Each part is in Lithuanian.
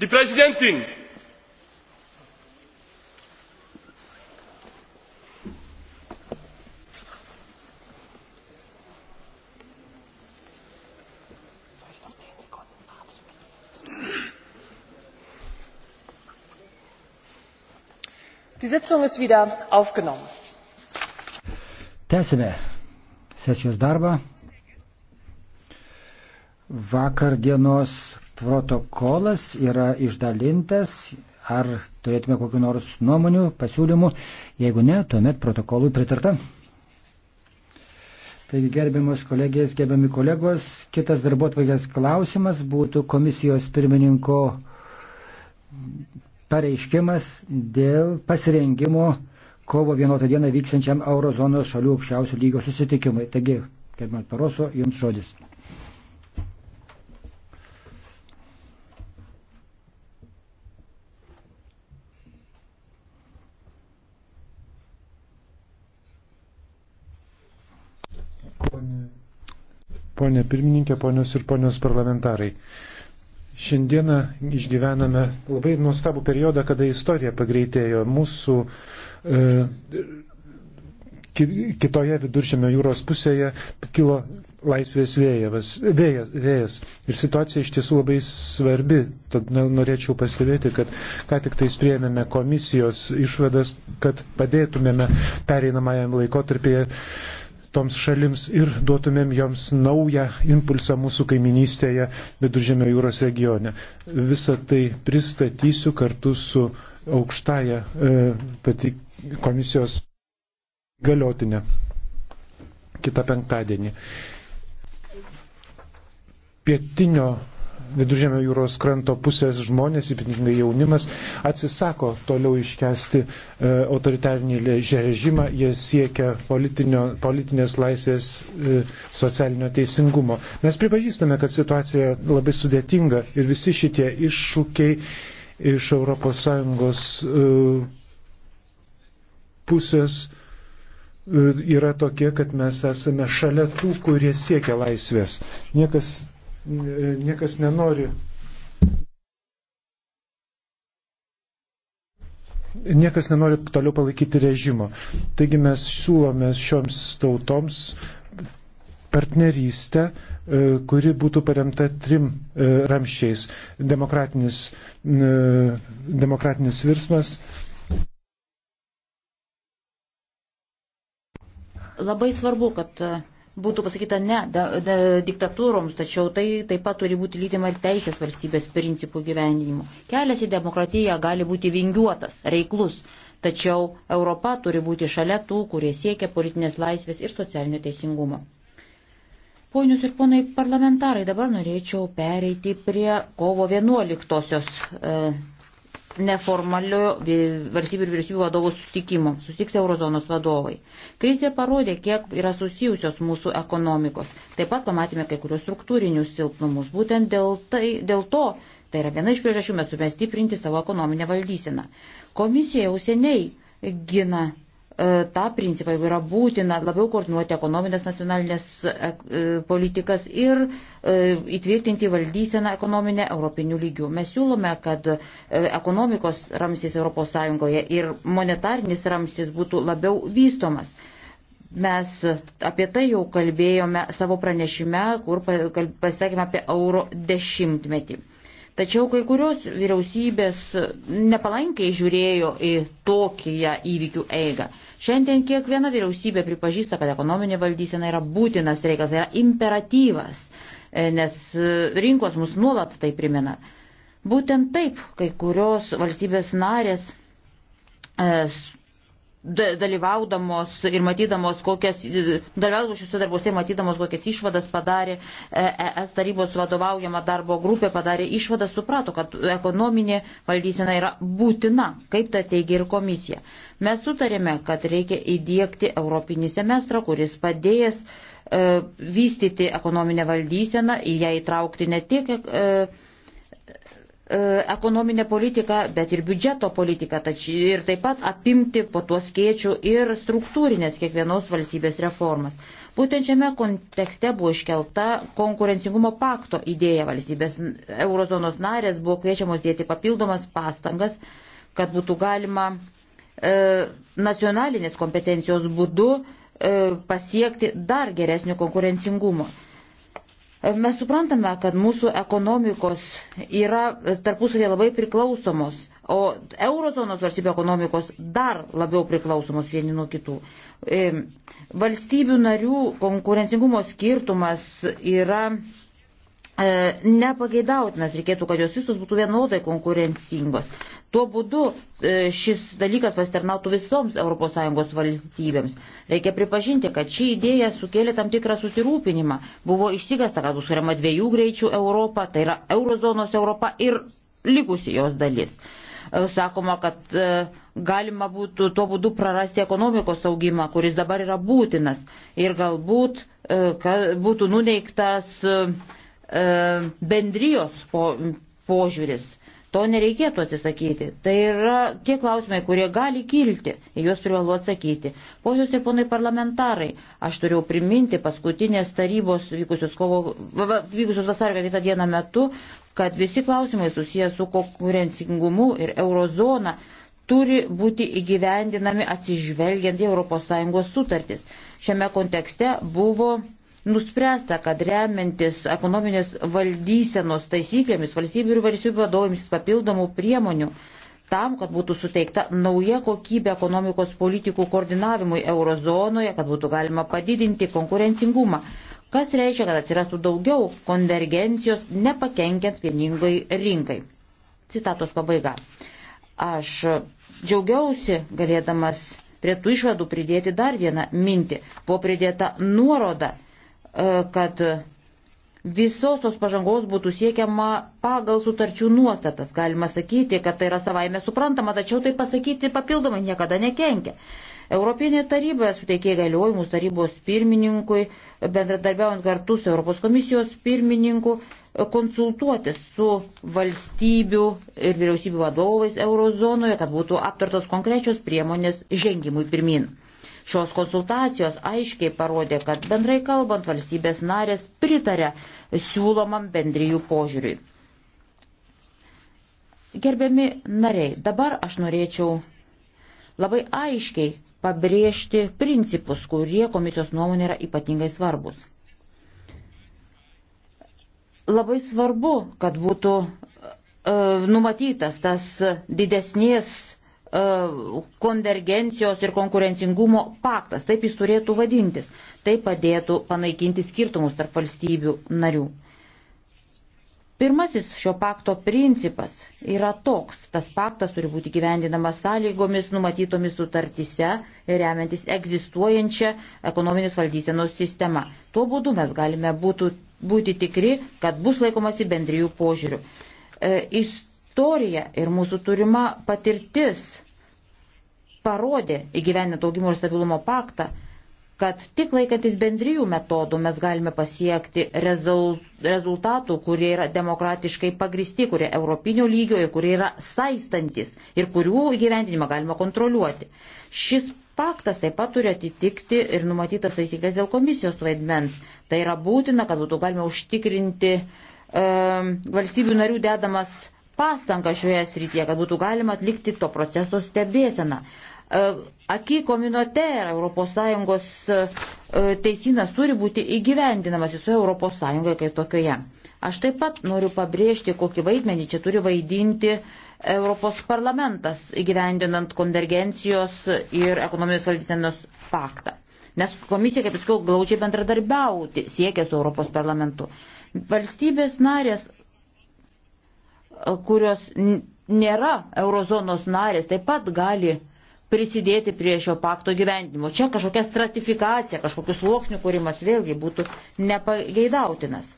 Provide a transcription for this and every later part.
Die Präsidentin! Die Sitzung ist wieder aufgenommen. Tęsime sesijos darbą. Vakar dienos protokolas yra išdalintas, ar turėtume kokiu nors nuomonių, pasiūlymų, jeigu ne, tuomet protokolui pritarta. Taigi, gerbiamos kolegės, gerbiami kolegos, kitas darbuotvarkės klausimas būtų komisijos pirmininko pareiškimas dėl pasirengimo kovo 11 dieną vyksančiam Eurozonos šalių aukščiausių lygio susitikimui. Taigi, gerbiamas Paroso, jums žodis. Pone pirmininkė, ponios ir ponios parlamentarai. Šiandieną išgyvename labai nuostabų periodą, kada istorija pagreitėjo. Mūsų e, kitoje viduržėmio jūros pusėje kilo laisvės vėjavas, vėjas, vėjas. Ir situacija iš tiesų labai svarbi. Tad norėčiau pastebėti, kad ką tik tais prieėmėme komisijos išvadas, kad padėtumėme pereinamajam laikotarpėje toms šalims ir duotumėm joms naują impulsą mūsų kaiminystėje Viduržėmio jūros regione. Visą tai pristatysiu kartu su aukštaja e, pati komisijos galiotinė kitą penktadienį. Pietinio viduržėmio jūros kranto pusės žmonės, ypatingai jaunimas, atsisako toliau iškesti e, autoritarinį režimą, jie siekia politinės laisvės, e, socialinio teisingumo. Mes pripažįstame, kad situacija labai sudėtinga ir visi šitie iššūkiai iš ES e, pusės yra tokie, kad mes esame šalia tų, kurie siekia laisvės. Niekas niekas nenori. Niekas nenori toliau palaikyti režimo. Taigi mes siūlome šioms tautoms partnerystę, e, kuri būtų paremta trim e, ramščiais. Demokratinis, e, demokratinis virsmas. Labai svarbu, kad būtų pasakyta ne da, da, diktatūroms, tačiau tai taip pat turi būti lydima ir teisės valstybės principų gyvenimu. Kelias į demokratiją gali būti vingiuotas, reiklus, tačiau Europa turi būti šalia tų, kurie siekia politinės laisvės ir socialinio teisingumo. Ponius ir ponai parlamentarai, dabar norėčiau pereiti prie kovo 11-osios. E, neformaliu valstybių ir vyriausybių vadovų susitikimu. Susitiks eurozonos vadovai. Krizė parodė, kiek yra susijusios mūsų ekonomikos. Taip pat pamatėme kai kurios struktūrinius silpnumus. Būtent dėl, tai, dėl to, tai yra viena iš priežasčių, mes turime stiprinti savo ekonominę valdyseną. Komisija jau seniai gina E, tą principą, jeigu yra būtina labiau koordinuoti ekonominės nacionalinės e, e, politikas ir įtvirtinti valdyseną ekonominę europinių lygių. Mes siūlome, kad ekonomikos ramstis ES ir monetarinis ramstis būtų labiau vystomas. Mes apie tai jau kalbėjome savo pranešime, kur pasakėme apie euro dešimtmetį. Tačiau kai kurios vyriausybės nepalankiai žiūrėjo į tokią įvykių eigą. Šiandien kiekviena vyriausybė pripažįsta, kad ekonominė valdysena yra būtinas reikalas, tai yra imperatyvas, e, nes e, rinkos mus nuolat tai primena. Būtent taip kai kurios valstybės narės e, dalyvaudamos ir matydamos, kokias, dalyvaudamos šiuose darbuose ir matydamos, kokias išvadas padarė ES e tarybos vadovaujama darbo grupė, padarė išvadas, suprato, kad ekonominė valdysena yra būtina, kaip tai teigia ir komisija. Mes sutarėme, kad reikia įdėkti Europinį semestrą, kuris padėjęs e, vystyti ekonominę valdyseną, į ją įtraukti ne tik. E, E, ekonominę politiką, bet ir biudžeto politiką, tačiau ir taip pat apimti po tuos skiečių ir struktūrinės kiekvienos valstybės reformas. Būtent šiame kontekste buvo iškelta konkurencingumo pakto idėja valstybės. Eurozonos narės buvo kviečiamos dėti papildomas pastangas, kad būtų galima e, nacionalinės kompetencijos būdu e, pasiekti dar geresnio konkurencingumo. E, mes suprantame, kad mūsų ekonomikos yra tarpusavėje labai priklausomos, o eurozonos valstybių ekonomikos dar labiau priklausomos vieni nuo kitų. E, valstybių narių konkurencingumo skirtumas yra e, nepageidautinas, reikėtų, kad jos visos būtų vienodai konkurencingos. Tuo būdu e, šis dalykas pasternautų visoms ES valstybėms. Reikia pripažinti, kad ši idėja sukėlė tam tikrą susirūpinimą. Buvo išsigasta, kad bus kuriama dviejų greičių Europa, tai yra eurozonos Europa ir likusi jos dalis. E, sakoma, kad e, galima būtų tuo būdu prarasti ekonomikos augimą, kuris dabar yra būtinas. Ir galbūt būtų nuneiktas bendrijos požiūris To nereikėtų atsisakyti. Tai yra tie klausimai, kurie gali kilti, juos privalu atsakyti. Ponius ir ponai parlamentarai, aš turėjau priminti paskutinės tarybos vykusios, kovo, vykusios vasario 4 dieną metu, kad visi klausimai susijęs su konkurencingumu ir eurozona turi būti įgyvendinami atsižvelgiant į ES sutartis. Šiame kontekste buvo Nuspręsta, kad remiantis ekonominės valdysenos taisyklėmis valstybių ir valstybių vadovėmis papildomų priemonių tam, kad būtų suteikta nauja kokybė ekonomikos politikų koordinavimui eurozonoje, kad būtų galima padidinti konkurencingumą, kas reiškia, kad atsirastų daugiau konvergencijos, nepakenkiant vieningai rinkai. Citatos pabaiga. Aš džiaugiausi galėdamas prie tų išvadų pridėti dar vieną mintį. Buvo pridėta nuoroda E, kad visos tos pažangos būtų siekiama pagal sutarčių nuostatas. Galima sakyti, kad tai yra savaime suprantama, tačiau tai pasakyti papildomai niekada nekenkia. Europinė taryba suteikė galiojimus tarybos pirmininkui, bendradarbiaujant kartu su Europos komisijos pirmininku, konsultuotis su valstybių ir vyriausybių vadovais eurozonoje, kad būtų aptartos konkrečios priemonės žengimui pirmin. Šios konsultacijos aiškiai parodė, kad bendrai kalbant valstybės narės pritarė siūlomam bendrijų požiūriui. Gerbiami nariai, dabar aš norėčiau labai aiškiai pabrėžti principus, kurie komisijos nuomonė yra ypatingai svarbus. Labai svarbu, kad būtų e, numatytas tas didesnės E, konvergencijos ir konkurencingumo paktas, taip jis turėtų vadintis. Tai padėtų panaikinti skirtumus tarp valstybių narių. Pirmasis šio pakto principas yra toks. Tas paktas turi būti gyvendinamas sąlygomis numatytomis sutartyse ir remiantis egzistuojančią ekonominės valdysenos sistemą. Tuo būdu mes galime būtų, būti tikri, kad bus laikomasi bendrijų požiūrių. E, istorija ir mūsų turima patirtis parodė įgyvenint augimo ir stabilumo paktą, kad tik laikantis bendrijų metodų mes galime pasiekti rezultatų, kurie yra demokratiškai pagristi, kurie europinio lygio ir kurie yra saistantis ir kurių įgyvendinimą galima kontroliuoti. Šis paktas taip pat turi atitikti ir numatytas taisyklės dėl komisijos vaidmens. Tai yra būtina, kad būtų galima užtikrinti e, valstybių narių dedamas pastangą šioje srityje, kad būtų galima atlikti to proceso stebėseną. E, Aki kominote ES teisinas turi būti įgyvendinamas visoje ES kaip tokioje. Aš taip pat noriu pabrėžti, kokį vaidmenį čia turi vaidinti Europos parlamentas įgyvendinant konvergencijos ir ekonominės valdysenos paktą. Nes komisija, kaip jau sakiau, glaudžiai bendradarbiauti siekia su Europos parlamentu. Valstybės narės kurios nėra eurozonos narės, taip pat gali prisidėti prie šio pakto gyvendimo. Čia kažkokia stratifikacija, kažkokius sluoksnių kūrimas vėlgi būtų nepageidautinas,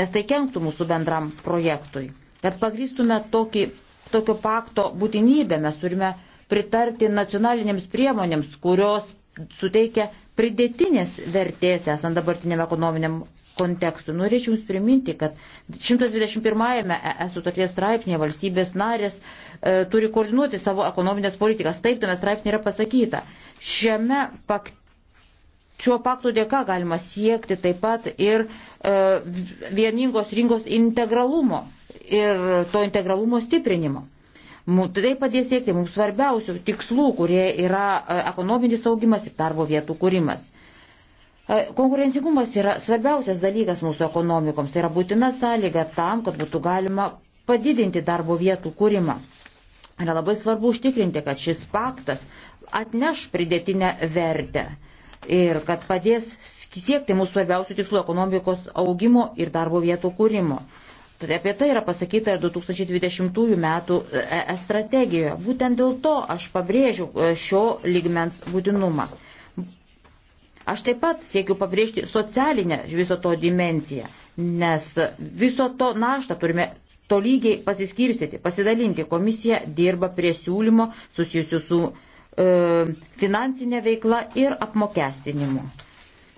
nes tai kenktų mūsų bendram projektui. Kad pagrystume tokį, tokio pakto būtinybę, mes turime pritarti nacionalinėms priemonėms, kurios suteikia pridėtinės vertės esant dabartiniam ekonominiam kontekstų. Norėčiau Jums priminti, kad 121-ame ES e sutarties straipsnėje valstybės narės e, turi koordinuoti savo ekonominės politikas. Taip tame straipsnėje yra pasakyta. Šiame pakte. Šiuo paktu dėka galima siekti taip pat ir e, vieningos rinkos integralumo ir to integralumo stiprinimo. Tai padės siekti mums svarbiausių tikslų, kurie yra e, ekonominis augimas ir darbo vietų kūrimas. Konkurencingumas yra svarbiausias dalykas mūsų ekonomikoms, tai yra būtina sąlyga tam, kad būtų galima padidinti darbo vietų kūrimą. Yra labai svarbu užtikrinti, kad šis paktas atneš pridėtinę vertę ir kad padės siekti mūsų svarbiausių tikslų ekonomikos augimo ir darbo vietų kūrimo. Tad apie tai yra pasakyta ir 2020 metų ES e, strategijoje. Būtent dėl to aš pabrėžiu e, šio ligmens būtinumą. Aš taip pat siekiu pabrėžti socialinę viso to dimenciją, nes viso to naštą turime tolygiai pasiskirstyti, pasidalinti. Komisija dirba prie siūlymo susijusiu su e, finansinė veikla ir apmokestinimu.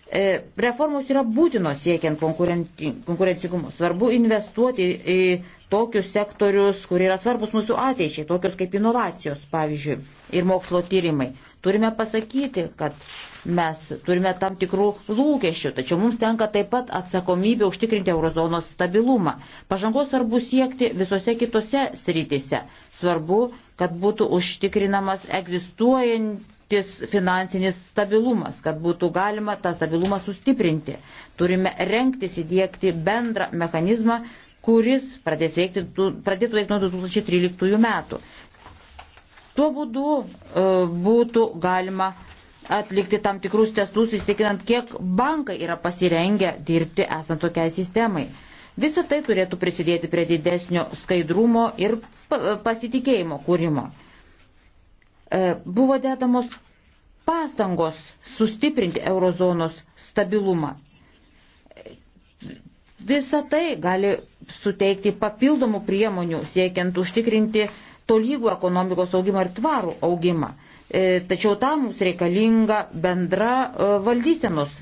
E, reformos yra būtinos siekiant konkurencingumo. Svarbu investuoti į tokius sektorius, kurie yra svarbus mūsų ateičiai, tokius kaip inovacijos, pavyzdžiui, ir mokslo tyrimai. Turime pasakyti, kad mes turime tam tikrų lūkesčių, tačiau mums tenka taip pat atsakomybė užtikrinti eurozonos stabilumą. Pažangos svarbu siekti visose kitose srityse. Svarbu, kad būtų užtikrinamas egzistuojantis finansinis stabilumas, kad būtų galima tą stabilumą sustiprinti. Turime renktis įdėkti bendrą mechanizmą, kuris pradės veikti, pradėtų veikti nuo 2013 metų. Tuo būdu e, būtų galima atlikti tam tikrus testus, įstikinant, kiek bankai yra pasirengę dirbti esant tokiai sistemai. Visą tai turėtų prisidėti prie didesnio skaidrumo ir pasitikėjimo kūrimo. E, buvo dedamos pastangos sustiprinti eurozonos stabilumą. Visa tai gali suteikti papildomų priemonių siekiant užtikrinti tolygų ekonomikos augimą ir tvarų augimą. E, tačiau tam mums reikalinga bendra e, valdysenos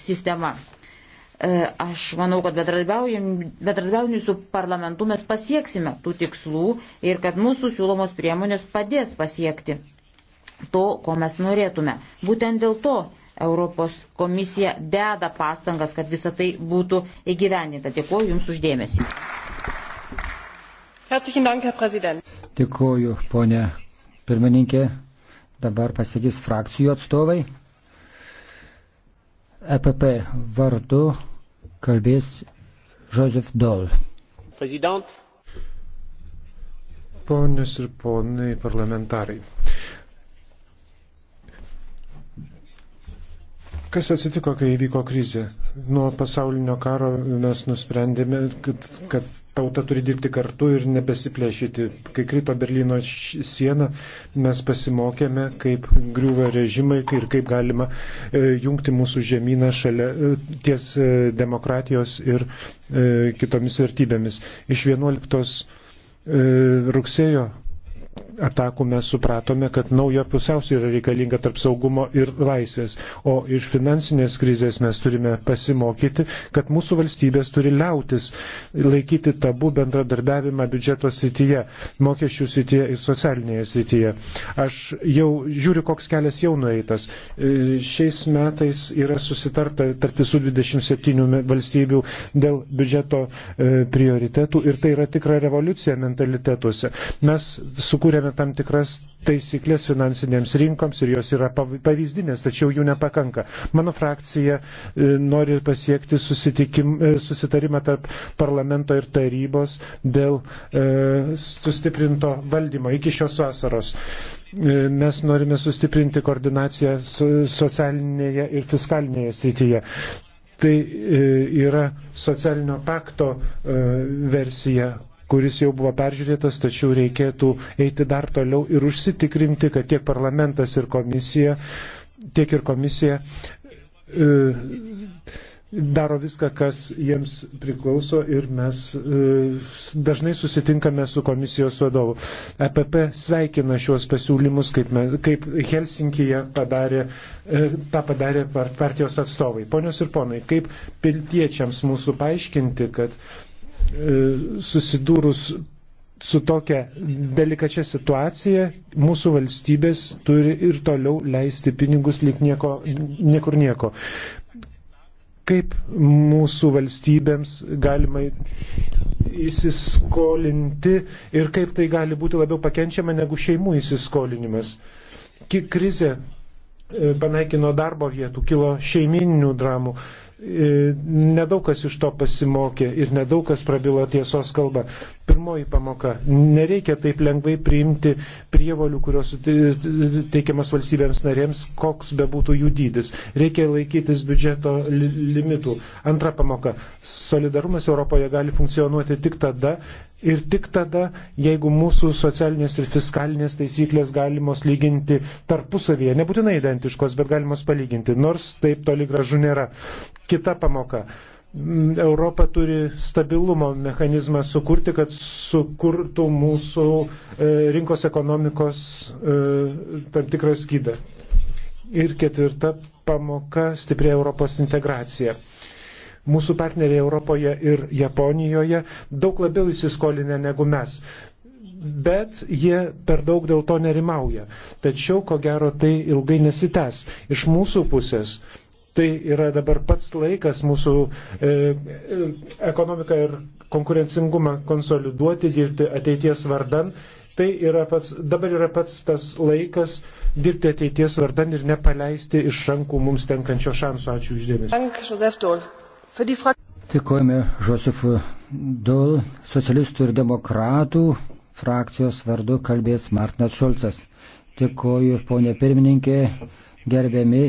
sistema. E, aš manau, kad bedradarbiaujant su parlamentu mes pasieksime tų tikslų ir kad mūsų siūlomos priemonės padės pasiekti to, ko mes norėtume. Būtent dėl to Europos komisija deda pastangas, kad visa tai būtų įgyvendinta. Dėkuoju Jums uždėmesį. Dėkuoju, ponė pirmininkė. Dabar pasakys frakcijų atstovai. EPP vardu kalbės Joseph Dol. Prezident. Ponios ir ponai parlamentarai. Kas atsitiko, kai įvyko krizė? nuo pasaulinio karo mes nusprendėme, kad, kad tauta turi dirbti kartu ir nebesiplėšyti. Kai krito Berlyno siena, mes pasimokėme, kaip griūva režimai ir kaip galima e, jungti mūsų žemyną šalia e, ties e, demokratijos ir kitomis vertybėmis. Iš 11 rugsėjo atakų mes supratome, kad nauja pusiausvyrą reikalinga tarp saugumo ir laisvės. O iš finansinės krizės mes turime pasimokyti, kad mūsų valstybės turi liautis laikyti tabų bendradarbiavimą biudžeto srityje, mokesčių srityje ir socialinėje srityje. Aš jau žiūriu, koks kelias jau nueitas. E, šiais metais yra susitarta tarp visų 27 valstybių dėl biudžeto e, prioritetų ir tai yra tikra revoliucija mentalitetuose. Mes su sukūrėme tam tikras taisyklės finansinėms rinkoms ir jos yra pavyzdinės, tačiau jų nepakanka. Mano frakcija e, nori pasiekti e, susitarimą tarp parlamento ir tarybos dėl e, sustiprinto valdymo iki šios vasaros. E, mes norime sustiprinti koordinaciją socialinėje ir fiskalinėje srityje tai yra socialinio pakto versija, kuris jau buvo peržiūrėtas, tačiau reikėtų eiti dar toliau ir užsitikrinti, kad tiek parlamentas ir komisija, tiek ir komisija e, daro viską, kas jiems priklauso ir mes e, dažnai susitinkame su komisijos vadovu. EPP sveikina šiuos pasiūlymus, kaip, mes, kaip Helsinkije padarė, e, tą padarė partijos atstovai. Ponios ir ponai, kaip piltiečiams mūsų paaiškinti, kad E, susidūrus su tokia delikačia situacija mūsų valstybės turi ir toliau leisti pinigus lyg nieko, niekur nieko. Kaip mūsų valstybėms galima įsiskolinti ir kaip tai gali būti labiau pakenčiama negu šeimų įsiskolinimas. Krizė e, panaikino darbo vietų, kilo šeimininių dramų, E, nedaug kas iš to pasimokė ir nedaug kas prabilo tiesos kalba. Pirmoji pamoka - nereikia taip lengvai priimti prievolių, kurios teikiamas valstybėms narėms, koks bebūtų jų dydis. Reikia laikytis biudžeto li limitų. Antra pamoka - solidarumas Europoje gali funkcionuoti tik tada, Ir tik tada, jeigu mūsų socialinės ir fiskalinės taisyklės galimos lyginti tarpusavyje, nebūtinai identiškos, bet galimos palyginti, nors taip toli gražu nėra kita pamoka. Mm, Europa turi stabilumo mechanizmą sukurti, kad sukurtų mūsų e, rinkos ekonomikos e, tam tikrą skydą. Ir ketvirta pamoka - stipri Europos integracija. Mūsų partneriai Europoje ir Japonijoje daug labiau įsiskolinę negu mes bet jie per daug dėl to nerimauja. Tačiau, ko gero, tai ilgai nesitęs. Iš mūsų pusės Tai yra dabar pats laikas mūsų e, e, ekonomiką ir konkurencingumą konsoliduoti, dirbti ateities vardan. Tai yra pats, dabar yra pats tas laikas dirbti ateities vardan ir nepaleisti iš rankų mums tenkančio šanso. Ačiū uždėmesi. Dėkojame Žosefu Dol, socialistų ir demokratų frakcijos vardu kalbės Martinas Šulcas. Dėkoju, ponė pirmininkė, gerbiami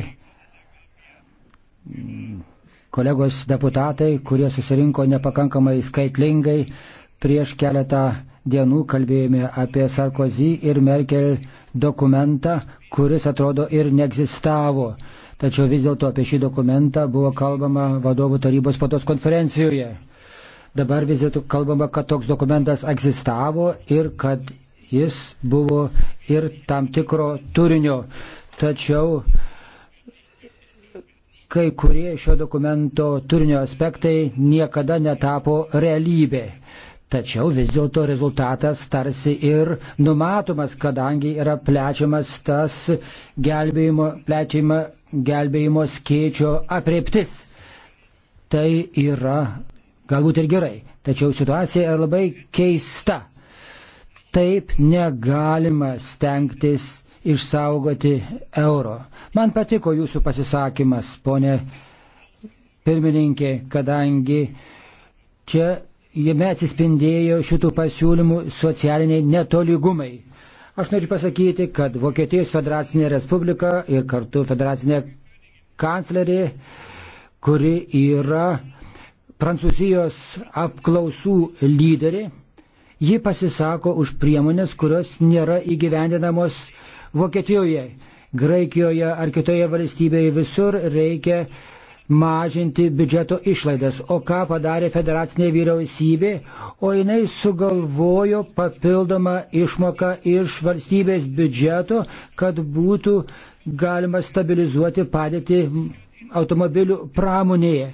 kolegos deputatai, kurie susirinko nepakankamai skaitlingai. Prieš keletą dienų kalbėjome apie Sarkozy ir Merkel dokumentą, kuris atrodo ir neegzistavo. Tačiau vis dėlto apie šį dokumentą buvo kalbama vadovų tarybos patos konferencijoje. Dabar vis dėlto kalbama, kad toks dokumentas egzistavo ir kad jis buvo ir tam tikro turinio. Tačiau kai kurie šio dokumento turinio aspektai niekada netapo realybė. Tačiau vis dėlto rezultatas tarsi ir numatomas, kadangi yra plečiamas tas gelbėjimo, plečiama gelbėjimo skėčio apreptis. Tai yra galbūt ir gerai, tačiau situacija yra labai keista. Taip negalima stengtis išsaugoti euro. Man patiko jūsų pasisakymas, ponė pirmininkė, kadangi čia jame atsispindėjo šitų pasiūlymų socialiniai netolygumai. Aš noriu pasakyti, kad Vokietijos federacinė respublika ir kartu federacinė kanclerė, kuri yra Prancūzijos apklausų lyderė, ji pasisako už priemonės, kurios nėra įgyvendinamos Vokietijoje, Graikijoje ar kitoje valstybėje visur reikia mažinti biudžeto išlaidas. O ką padarė federacinė vyriausybė? O jinai sugalvojo papildomą išmoką iš valstybės biudžeto, kad būtų galima stabilizuoti padėtį automobilių pramonėje.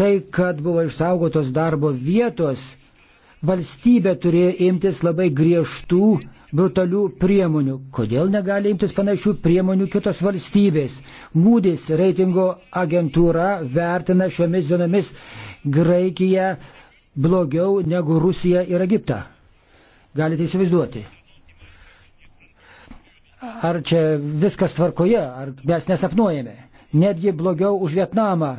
Tai, kad buvo išsaugotos darbo vietos, valstybė turėjo imtis labai griežtų brutalių priemonių. Kodėl negali imtis panašių priemonių kitos valstybės? Mūdis reitingo agentūra vertina šiomis dienomis Graikiją blogiau negu Rusiją ir Egiptą. Galite įsivaizduoti. Ar čia viskas tvarkoje, ar mes nesapnuojame? Netgi blogiau už Vietnamą.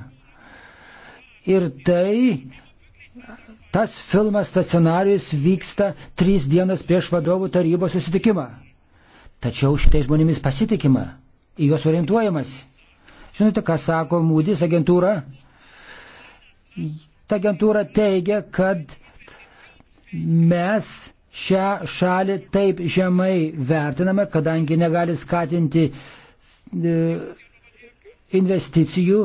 Ir tai Tas filmas, tas scenarius vyksta trys dienas prieš vadovų tarybos susitikimą. Tačiau šitai žmonėmis pasitikima, į juos orientuojamas. Žinote, ką sako Mūdis agentūra? Ta agentūra teigia, kad mes šią šalį taip žemai vertiname, kadangi negali skatinti e, investicijų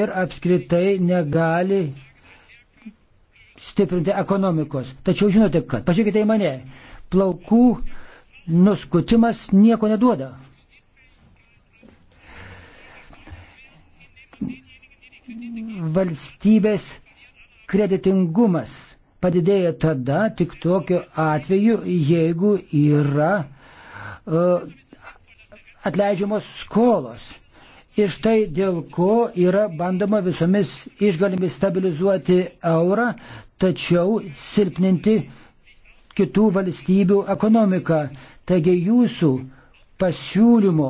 ir apskritai negali stiprinti ekonomikos. Tačiau žinote, kad, pažiūrėkite į mane, plaukų nuskutimas nieko neduoda. Valstybės kreditingumas padidėja tada tik tokiu atveju, jeigu yra uh, atleidžiamos skolos. Ir štai dėl ko yra bandoma visomis išgalimis stabilizuoti eurą, tačiau silpninti kitų valstybių ekonomiką. Taigi jūsų pasiūlymo,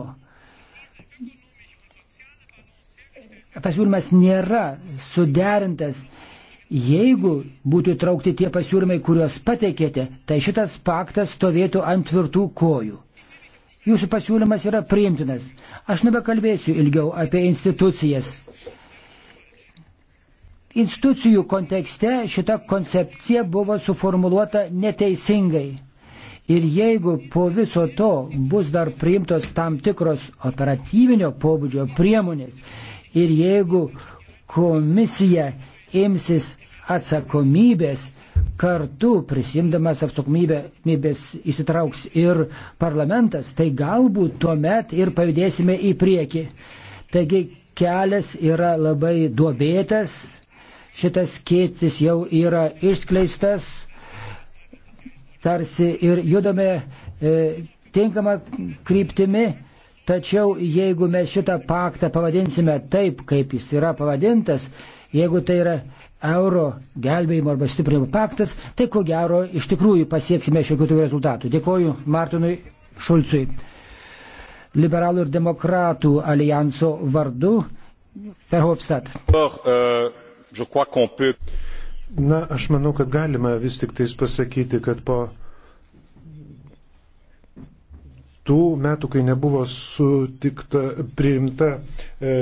pasiūlymas nėra suderintas. Jeigu būtų traukti tie pasiūlymai, kuriuos pateikėte, tai šitas paktas stovėtų ant tvirtų kojų. Jūsų pasiūlymas yra priimtinas. Aš nebekalbėsiu ilgiau apie institucijas institucijų kontekste šita koncepcija buvo suformuoluota neteisingai. Ir jeigu po viso to bus dar priimtos tam tikros operatyvinio pobūdžio priemonės ir jeigu komisija imsis atsakomybės, kartu prisimdamas atsakomybės įsitrauks ir parlamentas, tai galbūt tuo met ir pajudėsime į priekį. Taigi kelias yra labai duobėtas, šitas skėtis jau yra išskleistas, tarsi ir judame e, tinkama kryptimi, tačiau jeigu mes šitą paktą pavadinsime taip, kaip jis yra pavadintas, jeigu tai yra euro gelbėjimo arba stiprinimo paktas, tai ko gero iš tikrųjų pasieksime šiokių tokių rezultatų. Dėkoju Martinui Šulcui. Liberalų ir demokratų alijanso vardu Verhofstadt. Oh, uh... Na, aš manau, kad galima vis tik tais pasakyti, kad po tų metų, kai nebuvo sutikta, priimta e,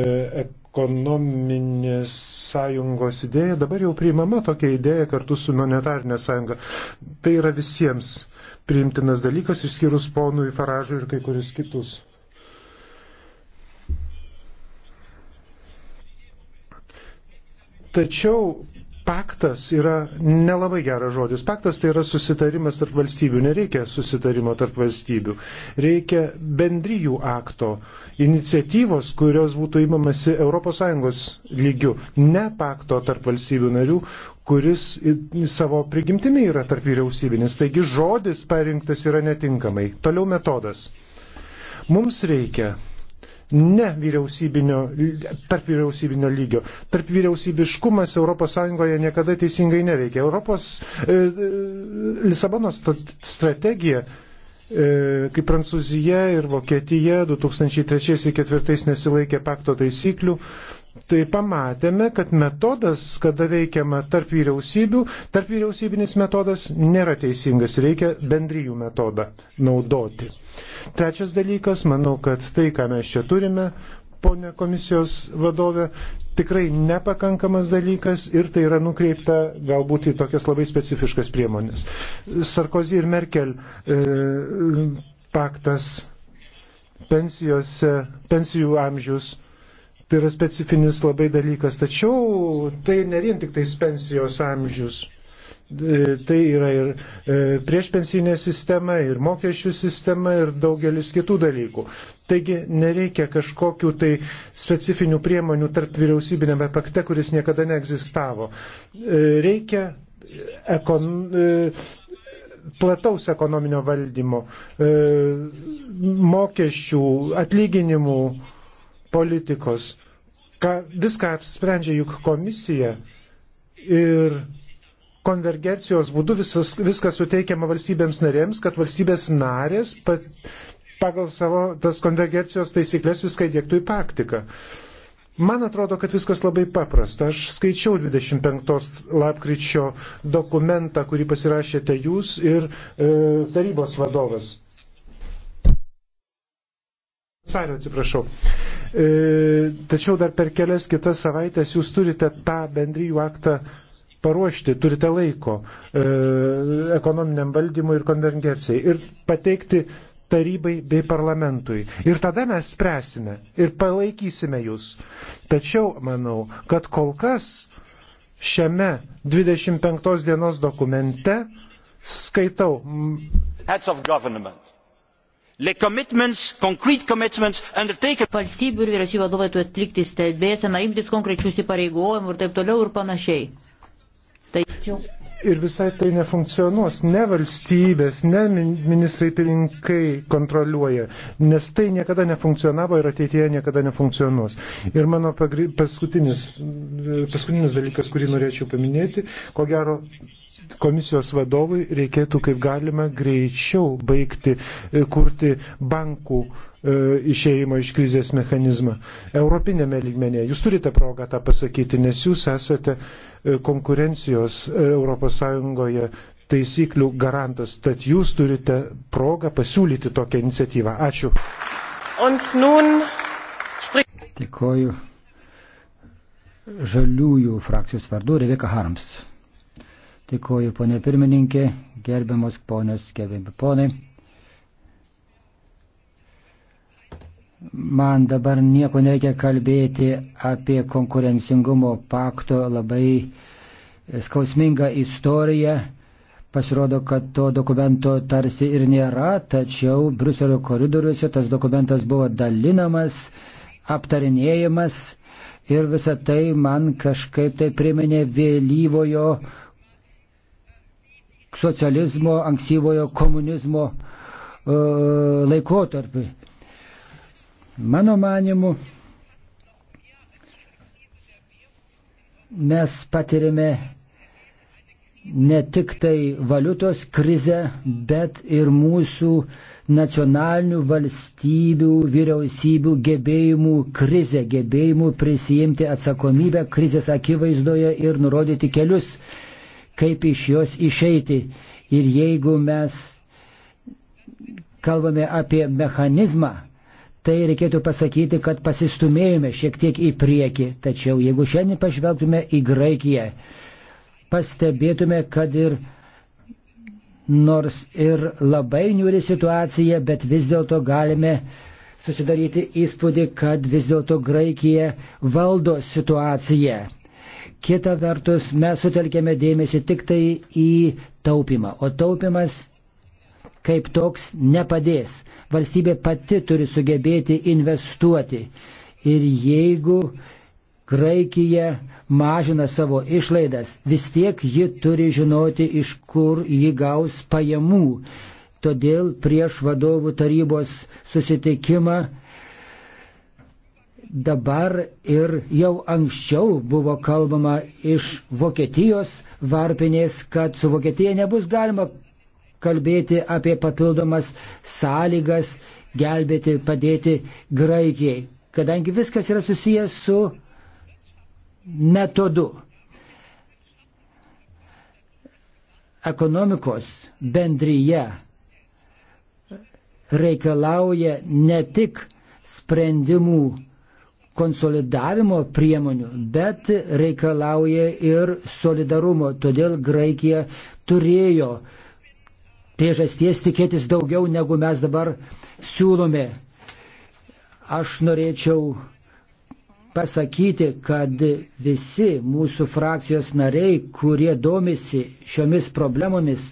ekonominės sąjungos idėja, dabar jau priimama tokia idėja kartu su monetarinė sąjunga. Tai yra visiems priimtinas dalykas, išskyrus ponui Faražui ir kai kurius kitus. Tačiau paktas yra nelabai geras žodis. Paktas tai yra susitarimas tarp valstybių. Nereikia susitarimo tarp valstybių. Reikia bendryjų akto, iniciatyvos, kurios būtų įmamasi ES lygių, ne pakto tarp valstybių narių, kuris savo prigimtimi yra tarp vyriausybinis. Taigi žodis parinktas yra netinkamai. Toliau metodas. Mums reikia ne vyriausybinio, tarp vyriausybinio lygio. Tarp vyriausybiškumas ES niekada teisingai neveikia. Europos e, e Lisabonos strategija e, kai Prancūzija ir Vokietija 2003-2004 nesilaikė pakto taisyklių, tai pamatėme, kad metodas, kada veikiama tarp vyriausybių, tarp vyriausybinis metodas nėra teisingas, reikia bendryjų metodą naudoti. Trečias dalykas, manau, kad tai, ką mes čia turime, ponė komisijos vadovė, tikrai nepakankamas dalykas ir tai yra nukreipta galbūt į tokias labai specifiškas priemonės. Sarkozy ir Merkel e, paktas pensijose, pensijų amžius Tai yra specifinis labai dalykas. Tačiau tai ne vien tik tais pensijos amžius. E, tai yra ir e, priešpensinė sistema, ir mokesčių sistema, ir daugelis kitų dalykų. Taigi nereikia kažkokių tai specifinių priemonių tarp vyriausybinėme pakte, kuris niekada neegzistavo. E, reikia ekon, plataus ekonominio valdymo, mokesčių, atlyginimų politikos ką, viską apsprendžia juk komisija ir konvergencijos būdu visas, viskas suteikiama valstybėms narėms, kad valstybės narės pat, pagal savo tas konvergencijos taisyklės viską įdėktų į praktiką. Man atrodo, kad viskas labai paprasta. Aš skaičiau 25 lapkričio dokumentą, kurį pasirašėte jūs ir e, tarybos vadovas. Vasario, atsiprašau. E, tačiau dar per kelias kitas savaitės jūs turite tą bendryjų aktą paruošti, turite laiko e, ekonominiam valdymui ir konvergencijai ir pateikti tarybai bei parlamentui. Ir tada mes spręsime ir palaikysime jūs. Tačiau manau, kad kol kas šiame 25 dienos dokumente skaitau. Heads of government Valstybių ir vyriausybių vadovai turi atlikti stebėseną, imtis konkrečių įsipareigojimų ir taip toliau ir panašiai. Tačiau... Ir visai tai nefunkcionuos. Ne valstybės, ne ministrai pirinkai kontroliuoja, nes tai niekada nefunkcionavo ir ateityje niekada nefunkcionuos. Ir mano pagri... paskutinis, paskutinis dalykas, kurį norėčiau paminėti, ko gero komisijos vadovui reikėtų kaip galima greičiau baigti e, kurti bankų e, išėjimo iš krizės mechanizmą. Europinėme lygmenėje jūs turite progą tą pasakyti, nes jūs esate e, konkurencijos ES taisyklių garantas, tad jūs turite progą pasiūlyti tokią iniciatyvą. Ačiū. Dėkoju. Žaliųjų frakcijos vardu Rebeka Harms. Dėkuoju, ponė pirmininkė, gerbiamos ponios, gerbiami ponai. Man dabar nieko nereikia kalbėti apie konkurencingumo pakto labai skausmingą istoriją. Pasirodo, kad to dokumento tarsi ir nėra, tačiau Bruselio koridoriuose tas dokumentas buvo dalinamas, aptarinėjimas ir visa tai man kažkaip tai priminė vėlyvojo socializmo, ankstyvojo komunizmo e, laikotarpį. Mano manimu, mes patirėme ne tik tai valiutos krizę, bet ir mūsų nacionalinių valstybių, vyriausybių gebėjimų krizę, gebėjimų prisijimti atsakomybę krizės akivaizdoje ir nurodyti kelius kaip iš jos išeiti. Ir jeigu mes kalbame apie mechanizmą, tai reikėtų pasakyti, kad pasistumėjome šiek tiek į priekį. Tačiau jeigu šiandien pažvelgtume į Graikiją, pastebėtume, kad ir nors ir labai niūri situacija, bet vis dėlto galime susidaryti įspūdį, kad vis dėlto Graikija valdo situaciją. Kita vertus, mes sutelkėme dėmesį tik tai į taupimą, o taupimas kaip toks nepadės. Valstybė pati turi sugebėti investuoti. Ir jeigu Graikija mažina savo išlaidas, vis tiek ji turi žinoti, iš kur ji gaus pajamų. Todėl prieš vadovų tarybos susitikimą dabar ir jau anksčiau buvo kalbama iš Vokietijos varpinės, kad su Vokietija nebus galima kalbėti apie papildomas sąlygas, gelbėti, padėti Graikijai, kadangi viskas yra susijęs su metodu. Ekonomikos bendryje reikalauja ne tik sprendimų konsolidavimo priemonių, bet reikalauja ir solidarumo. Todėl Graikija turėjo priežasties tikėtis daugiau, negu mes dabar siūlome. Aš norėčiau pasakyti, kad visi mūsų frakcijos nariai, kurie domisi šiomis problemomis,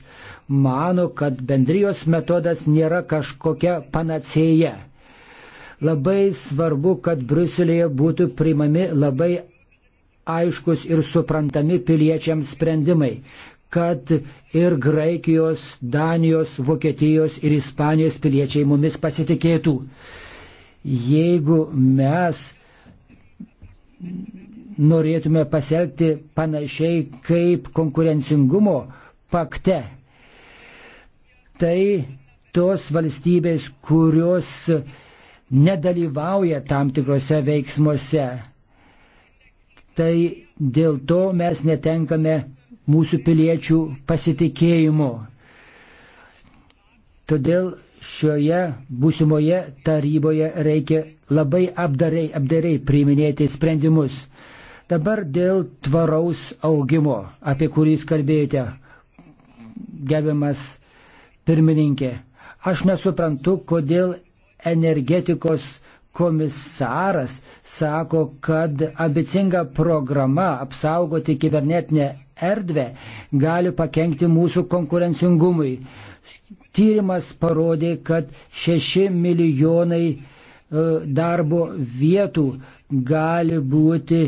mano, kad bendrijos metodas nėra kažkokia panacėja Labai svarbu, kad Bruselėje būtų priimami labai aiškus ir suprantami piliečiams sprendimai, kad ir Graikijos, Danijos, Vokietijos ir Ispanijos piliečiai mumis pasitikėtų. Jeigu mes norėtume pasielgti panašiai kaip konkurencingumo pakte, tai tos valstybės, kurios nedalyvauja tam tikrose veiksmuose. Tai dėl to mes netenkame mūsų piliečių pasitikėjimo. Todėl šioje būsimoje taryboje reikia labai apdariai, apdariai priiminėti sprendimus. Dabar dėl tvaraus augimo, apie kurį jūs kalbėjote, gerbiamas pirmininkė. Aš nesuprantu, kodėl energetikos komisaras sako, kad ambicinga programa apsaugoti kibernetinę erdvę gali pakengti mūsų konkurencingumui. Tyrimas parodė, kad 6 milijonai e, darbo vietų gali būti,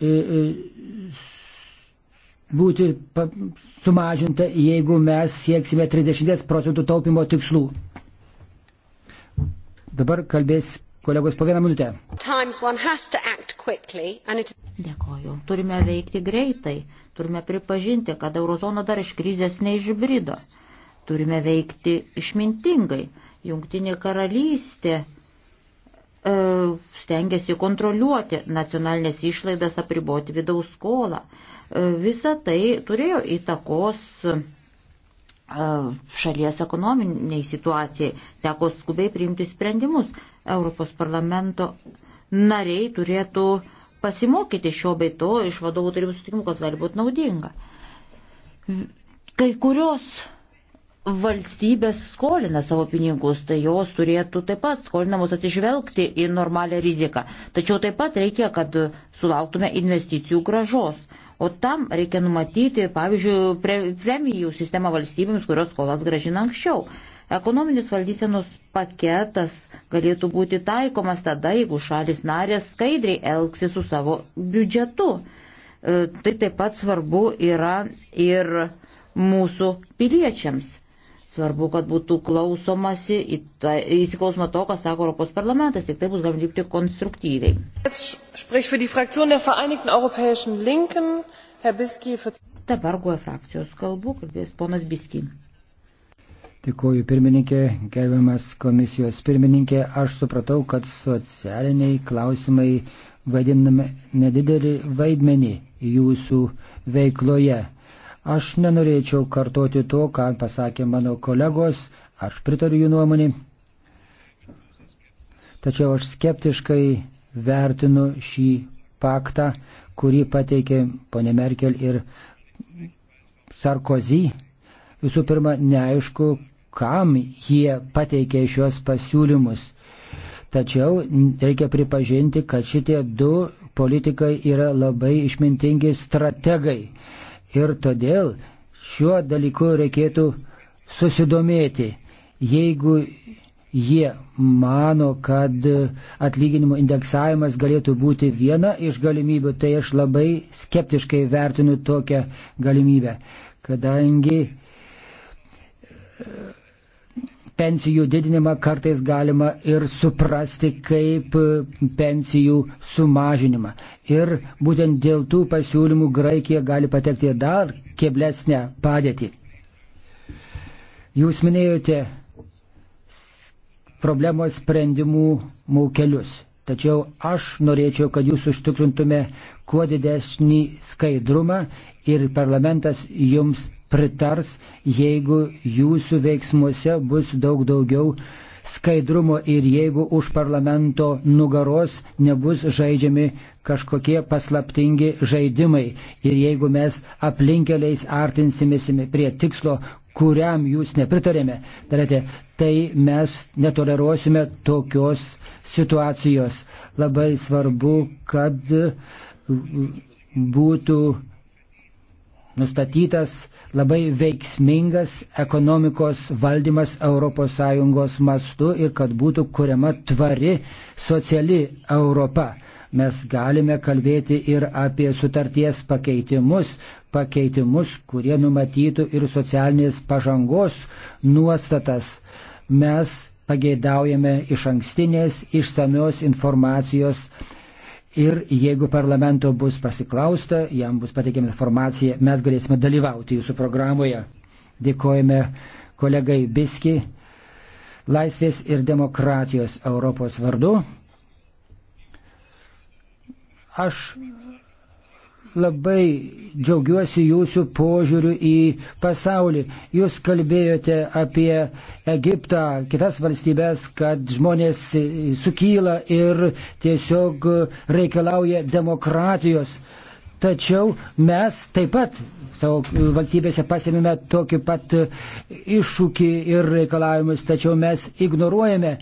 e, e, būti sumažinta, jeigu mes sieksime 30 procentų taupimo tikslų. Dabar kalbės kolegos po vieną minutę. Dėkoju. Turime veikti greitai. Turime pripažinti, kad eurozona dar iš krizės neišbrido. Turime veikti išmintingai. Jungtinė karalystė e, stengiasi kontroliuoti nacionalinės išlaidas, apriboti vidaus skolą. E, visa tai turėjo įtakos šalies ekonominiai situacijai. Teko skubiai priimti sprendimus. Europos parlamento nariai turėtų pasimokyti šio bei to iš vadovų tarybų sutikimų, kas gali būti naudinga. Kai kurios valstybės skolina savo pinigus, tai jos turėtų taip pat skolinamus atsižvelgti į normalią riziką. Tačiau taip pat reikia, kad sulauktume investicijų gražos. O tam reikia numatyti, pavyzdžiui, pre, premijų sistemą valstybėms, kurios skolas gražina anksčiau. Ekonominis valdysenos paketas galėtų būti taikomas tada, jeigu šalis narės skaidriai elgsi su savo biudžetu. E, tai taip pat svarbu yra ir mūsų piliečiams. Svarbu, kad būtų klausomasi, tai, įsiklausoma to, ką sako Europos parlamentas, tik tai bus galima dirbti konstruktyviai. Dabar guoja e frakcijos kalbų, kalbės ponas Biski. Tikuoju pirmininkė, gerbiamas komisijos pirmininkė, aš supratau, kad socialiniai klausimai vaidinami nedidelį vaidmenį jūsų veikloje Aš nenorėčiau kartoti to, ką pasakė mano kolegos, aš pritariu jų nuomonį. Tačiau aš skeptiškai vertinu šį paktą, kurį pateikė ponė Merkel ir Sarkozy. Visų pirma, neaišku, kam jie pateikė šios pasiūlymus. Tačiau reikia pripažinti, kad šitie du politikai yra labai išmintingi strategai. Ir todėl šiuo dalyku reikėtų susidomėti, jeigu jie mano, kad atlyginimų indeksavimas galėtų būti viena iš galimybių, tai aš labai skeptiškai vertinu tokią galimybę, kadangi pensijų didinimą kartais galima ir suprasti kaip e, pensijų sumažinimą. Ir būtent dėl tų pasiūlymų Graikija gali patekti dar keblesnę padėtį. Jūs minėjote problemos sprendimų kelius. Tačiau aš norėčiau, kad jūs užtikrintume kuo didesnį skaidrumą ir parlamentas jums pritars, jeigu jūsų veiksmuose bus daug daugiau skaidrumo ir jeigu už parlamento nugaros nebus žaidžiami kažkokie paslaptingi žaidimai ir jeigu mes aplinkeliais artinsimėsime prie tikslo, kuriam jūs nepritarėme, darėte, tai mes netoleruosime tokios situacijos. Labai svarbu, kad būtų nustatytas labai veiksmingas ekonomikos valdymas ES mastu ir kad būtų kuriama tvari sociali Europa. Mes galime kalbėti ir apie sutarties pakeitimus, pakeitimus, kurie numatytų ir socialinės pažangos nuostatas. Mes pageidaujame iš ankstinės, išsamios informacijos ir jeigu parlamento bus pasiklausta, jam bus pateikiama informacija, mes galėsime dalyvauti jūsų programoje. Dėkojame kolegai Biski, Laisvės ir demokratijos Europos vardu. Aš labai džiaugiuosi jūsų požiūriu į pasaulį. Jūs kalbėjote apie Egiptą, kitas valstybės, kad žmonės sukyla ir tiesiog reikalauja demokratijos. Tačiau mes taip pat savo valstybėse pasimėme tokį pat iššūkį ir reikalavimus, tačiau mes ignoruojame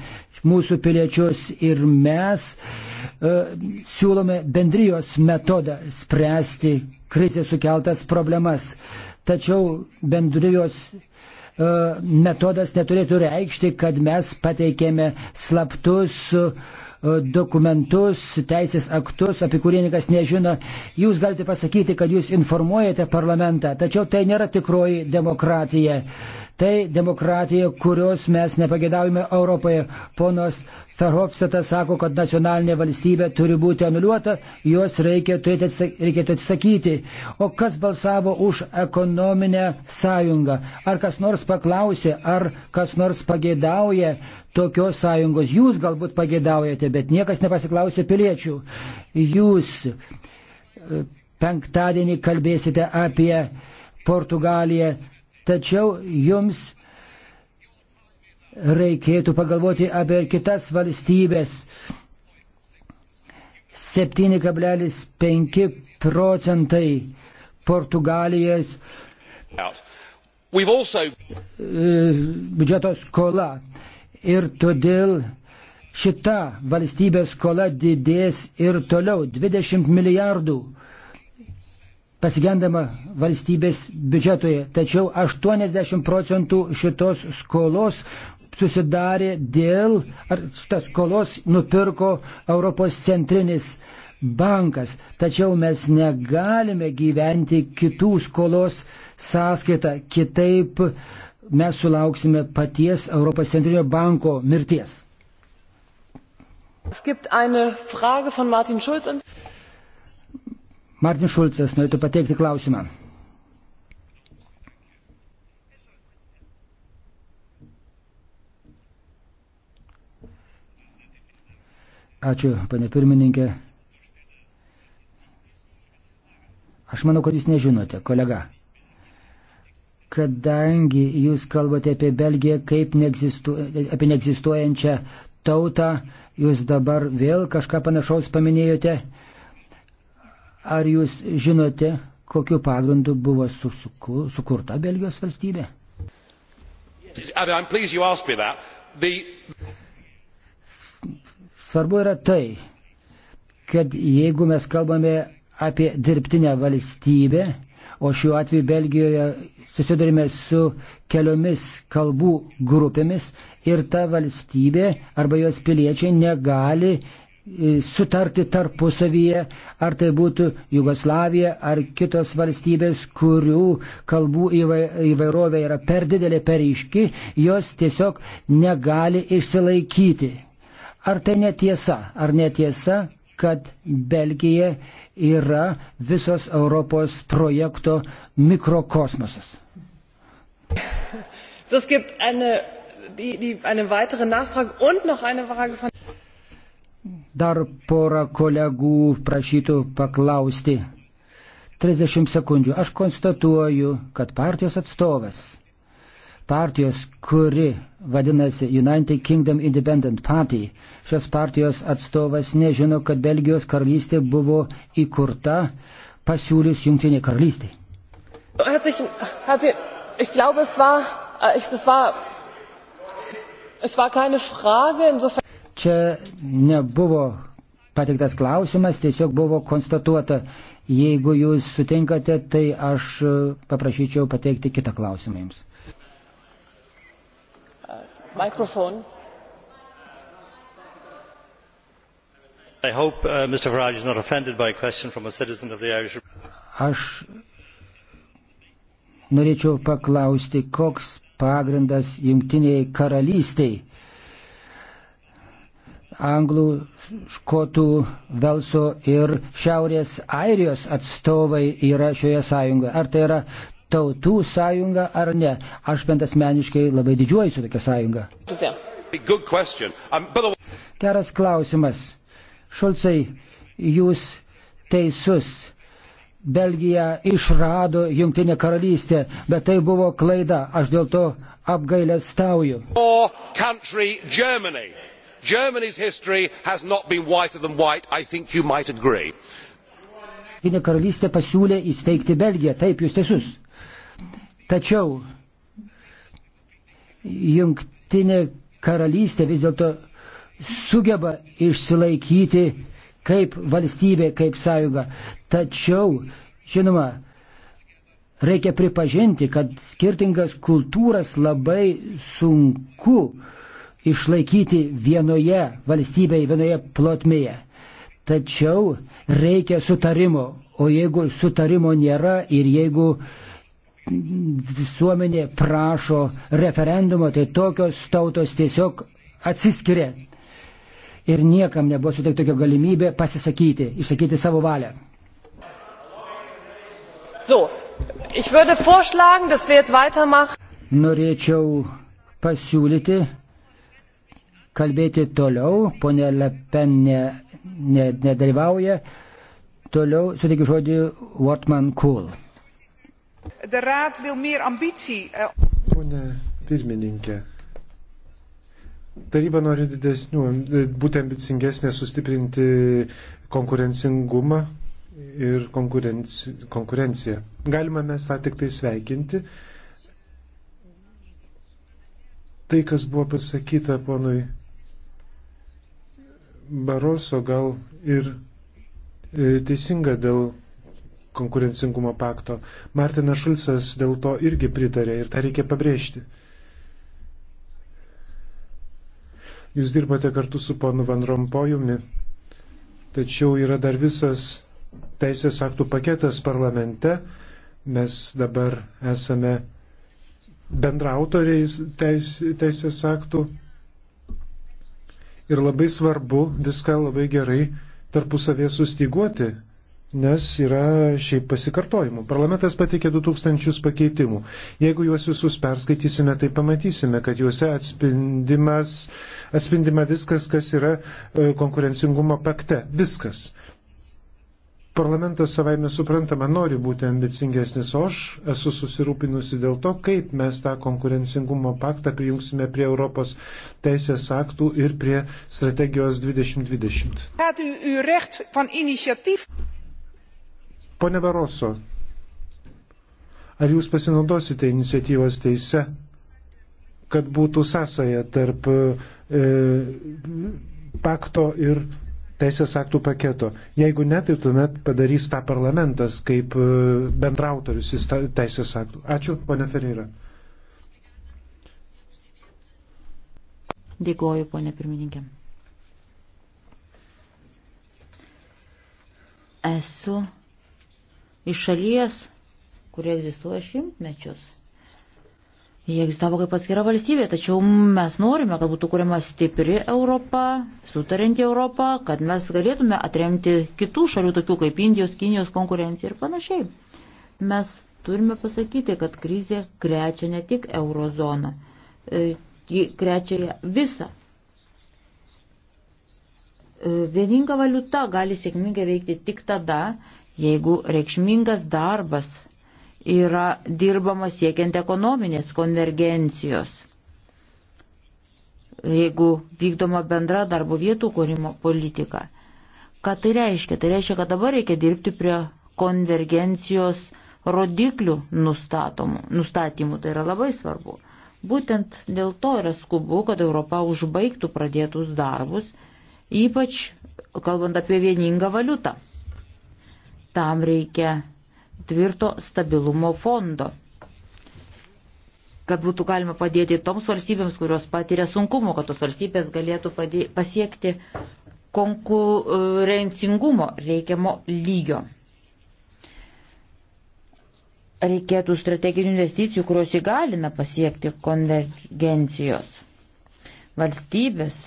mūsų piliečius ir mes uh, siūlome bendrijos metodą spręsti krizės sukeltas problemas. Tačiau bendrijos uh, metodas neturėtų reikšti, kad mes pateikėme slaptus uh, E, dokumentus, teisės aktus, apie kurį niekas nežino. Jūs galite pasakyti, kad jūs informuojate parlamentą, tačiau tai nėra tikroji demokratija. Tai demokratija, kurios mes nepagėdavome Europoje. Ponas Ferhofstadas sako, kad nacionalinė valstybė turi būti anuliuota, jos reikėtų, reikėtų atsisakyti. O kas balsavo už ekonominę sąjungą? Ar kas nors paklausė, ar kas nors pageidauja tokios sąjungos? Jūs galbūt pageidaujate, bet niekas nepasiklausė piliečių. Jūs e, penktadienį kalbėsite apie Portugaliją, tačiau jums reikėtų pagalvoti apie kitas valstybės. 7,5 procentai Portugalijos also... E, biudžeto skola. Ir todėl šita valstybės skola didės ir toliau 20 milijardų pasigendama valstybės biudžetoje. Tačiau 80 procentų šitos skolos susidarė dėl, ar šitas skolos nupirko Europos centrinis bankas. Tačiau mes negalime gyventi kitų skolos sąskaitą, kitaip mes sulauksime paties Europos centrinio banko mirties. Es gibt eine Frage von Martin Schulz. Martin Schulzas norėtų pateikti klausimą. Ačiū, panė pirmininkė. Aš manau, kad jūs nežinote, kolega. Kadangi jūs kalbate apie Belgiją kaip neegzistu, apie neegzistuojančią tautą, jūs dabar vėl kažką panašaus paminėjote. Ar jūs žinote, kokiu pagrindu buvo susuku, sukurta Belgijos valstybė? Yes. The... Svarbu yra tai, kad jeigu mes kalbame apie dirbtinę valstybę, o šiuo atveju Belgijoje susidurime su keliomis kalbų grupėmis ir ta valstybė arba jos piliečiai negali e, sutarti tarpusavyje, ar tai būtų Jugoslavija ar kitos valstybės, kurių kalbų įvairovė yra per didelė, per iški, jos tiesiog negali išsilaikyti. Ar tai netiesa? Ar netiesa, kad Belgija yra visos Europos projekto mikrokosmosas? Es gibt eine, die, die, eine weitere Nachfrage und noch eine Frage von. Dar porą kolegų prašytų paklausti. 30 sekundžių. Aš konstatuoju, kad partijos atstovas partijos, kuri vadinasi United Kingdom Independent Party. Šios partijos atstovas nežino, kad Belgijos karalystė buvo įkurta pasiūlius Junktinė karalystė. Ich glaube, es war, äh, ich, das war, es war keine Frage. Insofern... Čia nebuvo pateiktas klausimas, tiesiog buvo konstatuota, jeigu jūs sutinkate, tai aš e, paprašyčiau pateikti kitą klausimą jums. Microphone. i hope uh, mr farage is not offended by a question from a citizen of the irish aš norėčiau paklausti koks pagrindas jungtinėje karalystėje anglų škotų velso ir šiaurės airijos atstovai yra šioje sąjungoje ar tai yra tautų sąjunga ar ne. Aš bent asmeniškai labai didžiuojuosi tokia sąjunga. Um, Geras klausimas. Šulcai, jūs teisus. Belgija išrado Junktinę karalystę, bet tai buvo klaida, aš dėl to apgailę stauju. Germany. Germany's history has not been whiter than white. I think you might agree. Junktinė karalystė pasiūlė įsteigti Belgiją. Taip, jūs teisus. Tačiau jungtinė karalystė vis dėlto sugeba išsilaikyti kaip valstybė, kaip sąjunga. Tačiau, žinoma, reikia pripažinti, kad skirtingas kultūras labai sunku išlaikyti vienoje valstybėje, vienoje plotmėje. Tačiau reikia sutarimo, o jeigu sutarimo nėra ir jeigu uh, visuomenė prašo referendumo, tai tokios tautos tiesiog atsiskiria. Ir niekam nebuvo suteikta tokia galimybė pasisakyti, išsakyti savo valią. So, ich würde vorschlagen, dass wir jetzt weitermachen. Norėčiau pasiūlyti kalbėti toliau, ponė Lepen ne, ne, nedalyvauja. Toliau suteikiu žodį Wortman Cool. Eh. Pone pirmininkė, taryba nori didesnių, e, būti ambicingesnė, sustiprinti konkurencingumą ir konkurenci, konkurenciją. Galima mes tą tik tai sveikinti. Tai, kas buvo pasakyta ponui Baroso, gal ir e, teisinga dėl konkurencingumo pakto. Martinas Šulcas dėl to irgi pritarė ir tą reikia pabrėžti. Jūs dirbate kartu su ponu Van Rompojumi, tačiau yra dar visas teisės aktų paketas parlamente. Mes dabar esame bendrautoriais teis, teisės aktų ir labai svarbu viską labai gerai tarpusavėje sustiguoti, nes yra šiaip pasikartojimų. Parlamentas pateikė 2000 pakeitimų. Jeigu juos visus perskaitysime, tai pamatysime, kad juose atspindima viskas, kas yra e, konkurencingumo pakte. Viskas. Parlamentas savaime suprantama nori būti ambicingesnis, o aš esu susirūpinusi dėl to, kaip mes tą konkurencingumo paktą prijungsime prie Europos teisės aktų ir prie strategijos 2020. Pone Baroso, ar jūs pasinaudosite iniciatyvos teise, kad būtų sąsaja tarp e, pakto ir teisės aktų paketo? Jeigu ne, tai tuomet padarys tą parlamentas kaip e, bendrautorius į teisės aktų. Ačiū, pone Ferreira. Dėkuoju, ponė pirmininkė. Esu iš šalies, kurie egzistuoja šimtmečius. Jie egzistavo kaip atskira valstybė, tačiau mes norime, kad būtų kuriama stipri Europa, sutarinti Europa, kad mes galėtume atremti kitų šalių, tokių kaip Indijos, Kinijos konkurenciją ir panašiai. Mes turime pasakyti, kad krizė krečia ne tik eurozoną, e, ji krečia visą e, vieninga valiuta gali sėkmingai veikti tik tada, jeigu reikšmingas darbas yra dirbama siekiant ekonominės konvergencijos, jeigu vykdoma bendra darbo vietų kūrimo politika. Ką tai reiškia? Tai reiškia, kad dabar reikia dirbti prie konvergencijos rodiklių nustatymų. Tai yra labai svarbu. Būtent dėl to yra skubu, kad Europa užbaigtų pradėtus darbus, ypač kalbant apie vieningą valiutą. Tam reikia tvirto stabilumo fondo, kad būtų galima padėti toms valstybėms, kurios patiria sunkumo, kad tos valstybės galėtų padė, pasiekti konkurencingumo reikiamo lygio. Reikėtų strateginių investicijų, kurios įgalina pasiekti konvergencijos. Valstybės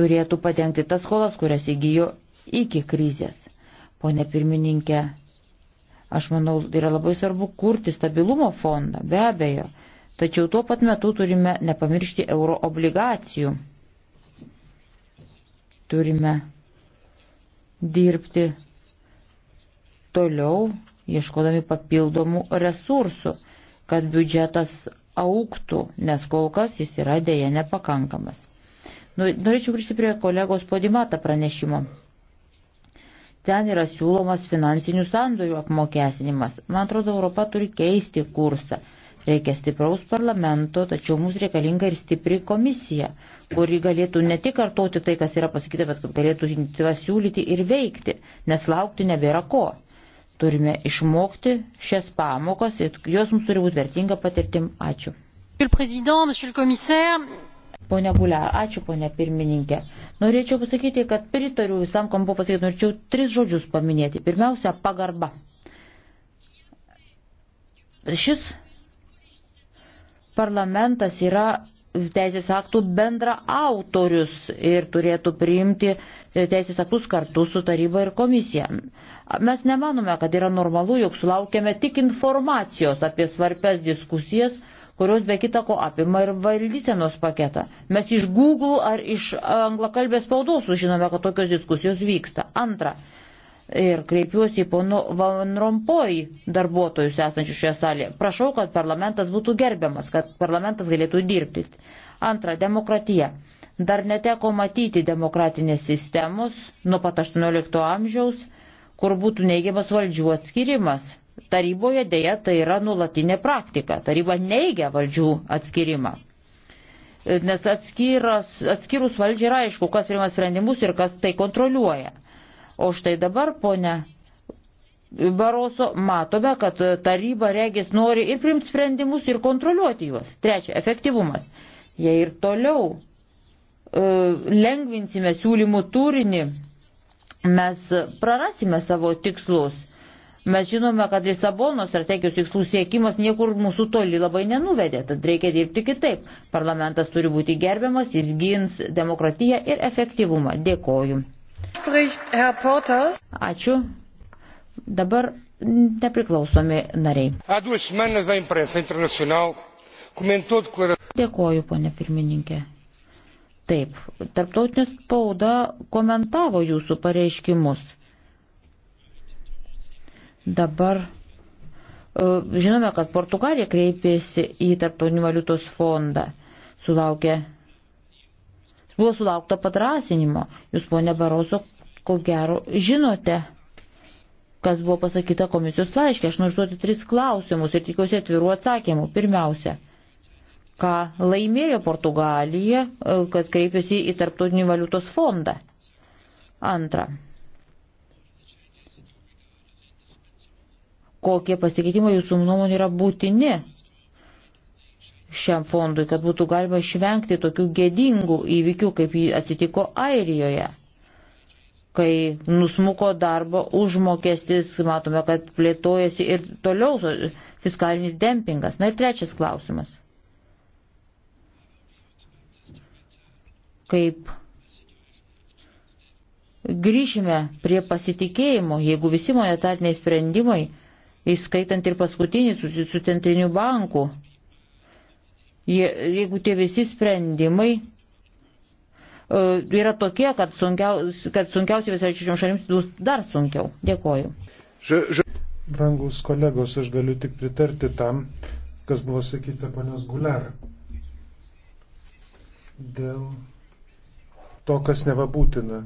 turėtų padengti tas skolas, kurias įgyjo iki krizės. Pone pirmininkė, aš manau, yra labai svarbu kurti stabilumo fondą, be abejo, tačiau tuo pat metu turime nepamiršti euro obligacijų. Turime dirbti toliau, ieškodami papildomų resursų, kad biudžetas auktų, nes kol kas jis yra dėja nepakankamas. Norėčiau grįžti prie kolegos Podimata pranešimo. Ten yra siūlomas finansinių sandorių apmokestinimas. Man atrodo, Europa turi keisti kursą. Reikia stipraus parlamento, tačiau mums reikalinga ir stipri komisija, kuri galėtų ne tik kartoti tai, kas yra pasakyta, bet kad galėtų iniciatyvas siūlyti ir veikti, nes laukti nebėra ko. Turime išmokti šias pamokas ir jos mums turi būti vertinga patirtim. Ačiū. Monsieur le Président, Monsieur le Commissaire, Pone Guliar, ačiū ponė pirmininkė. Norėčiau pasakyti, kad pritariu visam, kam buvo pasakyti, norėčiau tris žodžius paminėti. Pirmiausia, pagarba. Šis parlamentas yra teisės aktų bendra autorius ir turėtų priimti teisės aktus kartu su taryba ir komisija. Mes nemanome, kad yra normalu, jog sulaukėme tik informacijos apie svarbias diskusijas kurios be kita ko apima ir valdysenos paketą. Mes iš Google ar iš anglakalbės spaudos sužinome, kad tokios diskusijos vyksta. Antra. Ir kreipiuosi į pono Van Rompoj darbuotojus esančius šioje salėje. Prašau, kad parlamentas būtų gerbiamas, kad parlamentas galėtų dirbti. Antra, demokratija. Dar neteko matyti demokratinės sistemos nuo pat 18 amžiaus, kur būtų neigiamas valdžių atskirimas Taryboje dėja tai yra nulatinė praktika. Taryba neigia valdžių atskirimą. Nes atskiras, atskirus valdžiai yra aišku, kas priima sprendimus ir kas tai kontroliuoja. O štai dabar, ponia Baroso, matome, kad taryba regis nori ir priimti sprendimus, ir kontroliuoti juos. Trečia, efektyvumas. Jei ir toliau e, lengvinsime siūlymų turinį, mes prarasime savo tikslus. Mes žinome, kad Lisabono strategijos tikslų siekimas niekur mūsų toli labai nenuvedė, tad reikia dirbti kitaip. Parlamentas turi būti gerbiamas, jis gins demokratiją ir efektyvumą. Dėkoju. Ačiū. Dabar nepriklausomi nariai. Dėkoju, ponė pirmininkė. Taip, tarptautinė spauda komentavo jūsų pareiškimus Dabar e, žinome, kad Portugalija kreipėsi į Tarptautinį valiutos fondą. Sulaukė, buvo sulaukta padrasinimo. Jūs, ponė Baroso, ko gero žinote, kas buvo pasakyta komisijos laiškė. Aš noriu užduoti tris klausimus ir tikiuosi atvirų atsakymų. Pirmiausia, ką laimėjo Portugalija, e, kad kreipėsi į Tarptautinį valiutos fondą. Antra, kokie pasikeitimai jūsų nuomonė yra būtini šiam fondui, kad būtų galima išvengti tokių gėdingų įvykių, kaip jį atsitiko Airijoje, kai nusmuko darbo užmokestis, matome, kad plėtojasi ir toliau fiskalinis dempingas. Na ir trečias klausimas. Kaip grįšime prie pasitikėjimo, jeigu visi monetariniai sprendimai įskaitant ir paskutinį su centriniu banku. Je, jeigu tie visi sprendimai uh, yra tokie, kad, sunkiaus, kad sunkiausiai visiečiam šalims bus dar sunkiau. Dėkoju. Je, je... Brangus kolegos, aš galiu tik pritarti tam, kas buvo sakyta ponios Guler. Dėl to, kas neva būtina.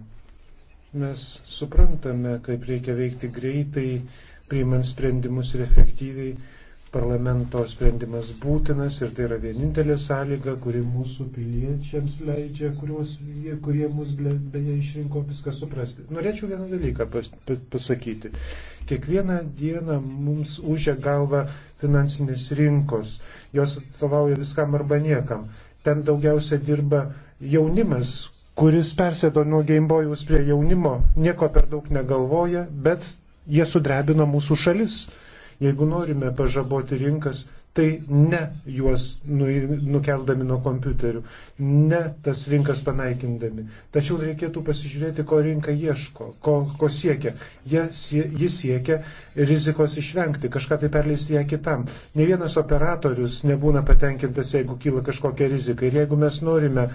Mes suprantame, kaip reikia veikti greitai, priimant sprendimus ir efektyviai. Parlamento sprendimas būtinas ir tai yra vienintelė sąlyga, kuri mūsų piliečiams leidžia, kurios, jie, kurie mus beje išrinko viską suprasti. Norėčiau vieną dalyką pas, pas, pasakyti. Kiekvieną dieną mums užia galva finansinės rinkos. Jos atstovauja viskam arba niekam. Ten daugiausia dirba jaunimas, kuris persėdo nuo Gameboy'us prie jaunimo, nieko per daug negalvoja, bet Jie sudrebina mūsų šalis. Jeigu norime pažaboti rinkas, tai ne juos nukeldami nuo kompiuterių, ne tas rinkas panaikindami. Tačiau reikėtų pasižiūrėti, ko rinka ieško, ko, ko siekia. Jie, ji siekia rizikos išvengti, kažką tai perleisti ją kitam. Ne vienas operatorius nebūna patenkintas, jeigu kyla kažkokia rizika. Ir jeigu mes norime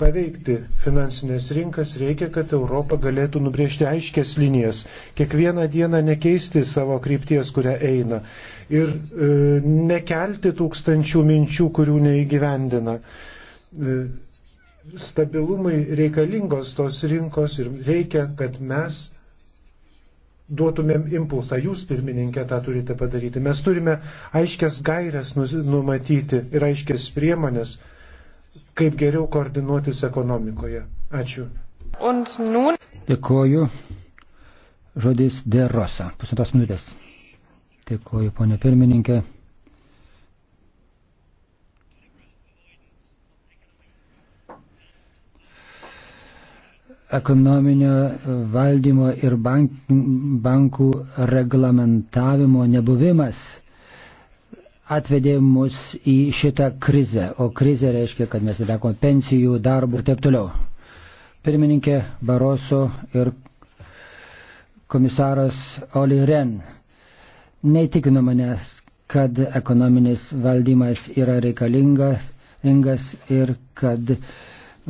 paveikti finansinės rinkas, reikia, kad Europa galėtų nubriežti aiškės linijas, kiekvieną dieną nekeisti savo krypties, kurią eina ir e, nekelti tūkstančių minčių, kurių neįgyvendina. E, stabilumui reikalingos tos rinkos ir reikia, kad mes duotumėm impulsą. Jūs, pirmininkė, tą turite padaryti. Mes turime aiškias gairias nu, numatyti ir aiškias priemonės kaip geriau koordinuotis ekonomikoje. Ačiū. Nun... Dėkoju. Žodis Derosa. Pusantros minutės. Dėkoju, ponė pirmininkė. ekonominio valdymo ir bank, bankų reglamentavimo nebuvimas atvedė mus į šitą krizę, o krizė reiškia, kad mes netekome pensijų, darbų ir taip toliau. Pirmininkė Baroso ir komisaras Oli Ren neįtikino manęs, kad ekonominis valdymas yra reikalingas ir kad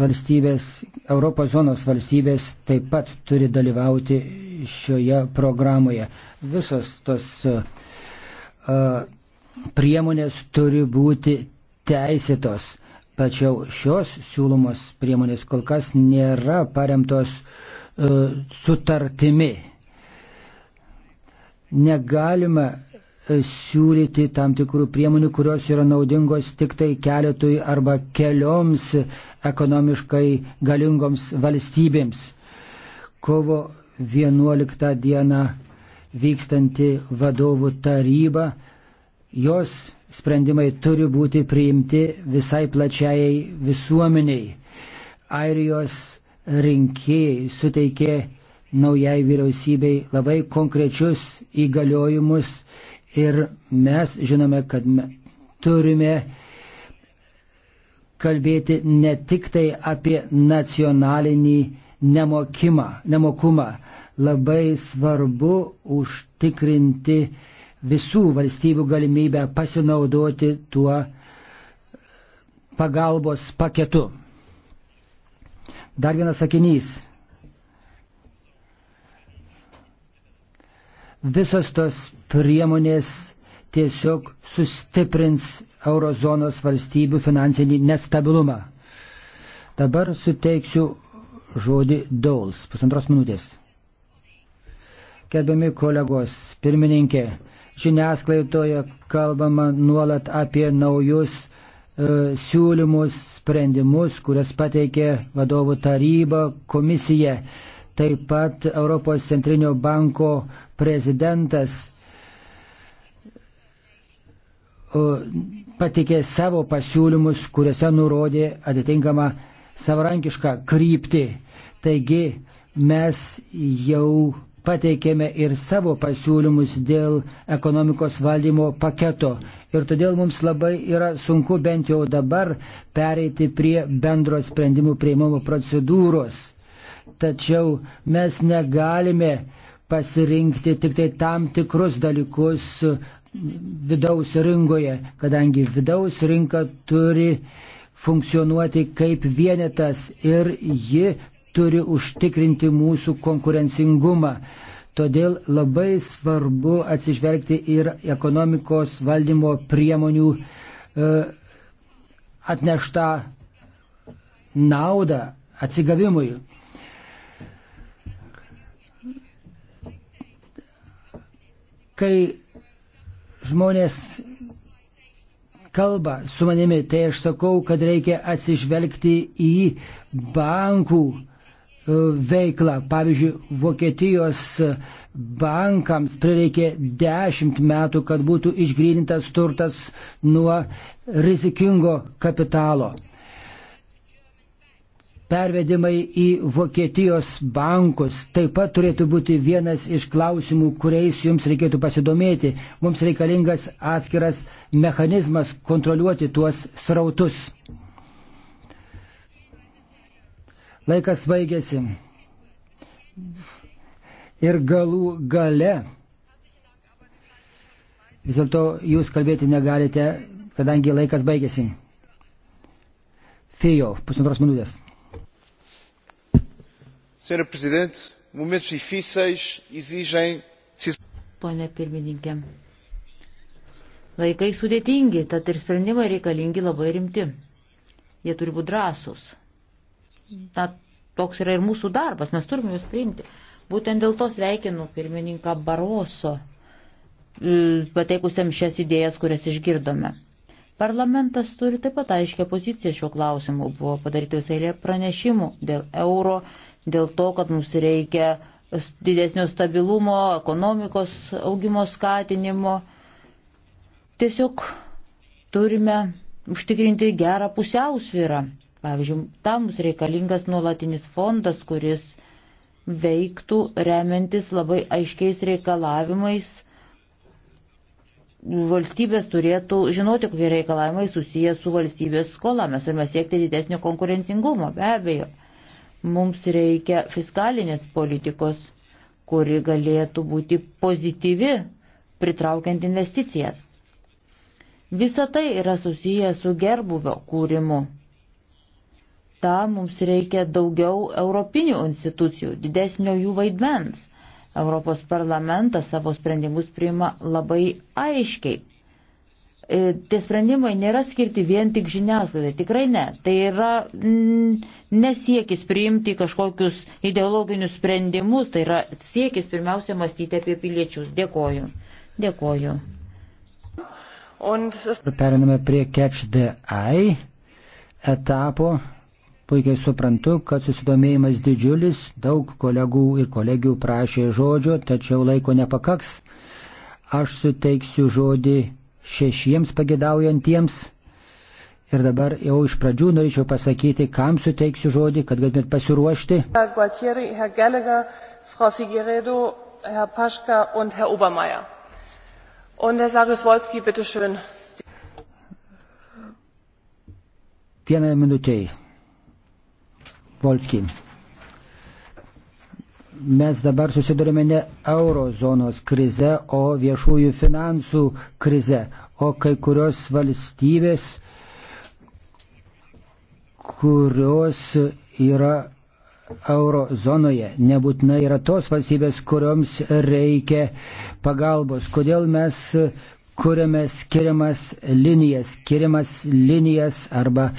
valstybės, Europos zonos valstybės taip pat turi dalyvauti šioje programoje. Visos tos uh, priemonės turi būti teisėtos. Tačiau šios siūlomos priemonės kol kas nėra paremtos uh, sutartimi. Negalima e, siūlyti tam tikrų priemonių, kurios yra naudingos tik tai keletui arba kelioms ekonomiškai galingoms valstybėms. Kovo 11 dieną vykstanti vadovų taryba uh, jos sprendimai turi būti priimti visai plačiai visuomeniai. Airijos rinkėjai suteikė naujai vyriausybei labai konkrečius įgaliojimus ir mes žinome, kad me turime kalbėti ne tik tai apie nacionalinį nemokimą, nemokumą. Labai svarbu užtikrinti visų valstybių galimybę pasinaudoti tuo pagalbos paketu. Dar vienas sakinys. Visos tos priemonės tiesiog sustiprins eurozonos valstybių finansinį nestabilumą. Dabar suteiksiu žodį Dauls, pusantros minutės. Gerbiami kolegos, pirmininkė, žiniasklaidoje kalbama nuolat apie naujus e, siūlymus, sprendimus, kurias pateikė vadovų taryba, komisija. Taip pat Europos centrinio banko prezidentas e, pateikė savo pasiūlymus, kuriuose nurodė atitinkamą savarankišką kryptį. Taigi mes jau pateikėme ir savo pasiūlymus dėl ekonomikos valdymo paketo. Ir todėl mums labai yra sunku bent jau dabar pereiti prie bendro sprendimų prieimimo procedūros. Tačiau mes negalime pasirinkti tik tai tam tikrus dalykus vidaus rinkoje, kadangi vidaus rinka turi funkcionuoti kaip vienetas ir ji turi užtikrinti mūsų konkurencingumą. Todėl labai svarbu atsižvelgti ir ekonomikos valdymo priemonių e, atneštą naudą atsigavimui. Kai žmonės kalba su manimi, tai aš sakau, kad reikia atsižvelgti į bankų veiklą. Pavyzdžiui, Vokietijos bankams prireikė 10 metų, kad būtų išgrįnintas turtas nuo rizikingo kapitalo. Pervedimai į Vokietijos bankus taip pat turėtų būti vienas iš klausimų, kuriais jums reikėtų pasidomėti. Mums reikalingas atskiras mechanizmas kontroliuoti tuos srautus. Laikas vaigėsi. Ir galų gale. Vis dėlto jūs kalbėti negalite, kadangi laikas baigėsi. Fijo, pusantros minutės. Senhor Presidente, momentos difíceis exigem. Pone pirmininkė, laikai sudėtingi, tad ir sprendimai reikalingi labai rimti. Jie turi būti drąsūs na, toks yra ir mūsų darbas, mes turime jūs priimti. Būtent dėl to sveikinu pirmininką Baroso, e, pateikusiam šias idėjas, kurias išgirdome. Parlamentas turi taip pat aiškę poziciją šiuo klausimu. Buvo padaryti visai lė pranešimų dėl euro, dėl to, kad mums reikia didesnio stabilumo, ekonomikos augimo skatinimo. Tiesiog turime užtikrinti gerą pusiausvyrą Pavyzdžiui, tam mums reikalingas nuolatinis fondas, kuris veiktų remiantis labai aiškiais reikalavimais. Valstybės turėtų žinoti, kokie reikalavimai susiję su valstybės skola. Mes turime siekti didesnio konkurencingumo, be abejo. Mums reikia fiskalinės politikos, kuri galėtų būti pozityvi, pritraukiant investicijas. Visa tai yra susiję su gerbuvio kūrimu tam mums reikia daugiau europinių institucijų, didesnio jų vaidmens. Europos parlamentas savo sprendimus priima labai aiškiai. E, tie sprendimai nėra skirti vien tik žiniasklaidai, tikrai ne. Tai yra nesiekis priimti kažkokius ideologinius sprendimus, tai yra siekis pirmiausia mąstyti apie piliečius. Dėkoju. Dėkoju. Periname prie Catch the Eye etapo Puikiai suprantu, kad susidomėjimas didžiulis, daug kolegų ir kolegių prašė žodžio, tačiau laiko nepakaks. Aš suteiksiu žodį šešiems pagėdaujantiems. Ir dabar jau iš pradžių norėčiau pasakyti, kam suteiksiu žodį, kad galėtumėt pasiruošti. Gualtieri, Herr Gallagher, Frau Figueredo, Herr Paška und Herr Obermeier. Und Herr Sarjus-Wolski, bitte schön. Vienai minutėjai. Volfkin. Mes dabar susidurime ne eurozonos krize, o viešųjų finansų krize, o kai kurios valstybės, kurios yra eurozonoje, nebūtinai yra tos valstybės, kurioms reikia pagalbos. Kodėl mes kuriame skiriamas linijas, skiriamas linijas arba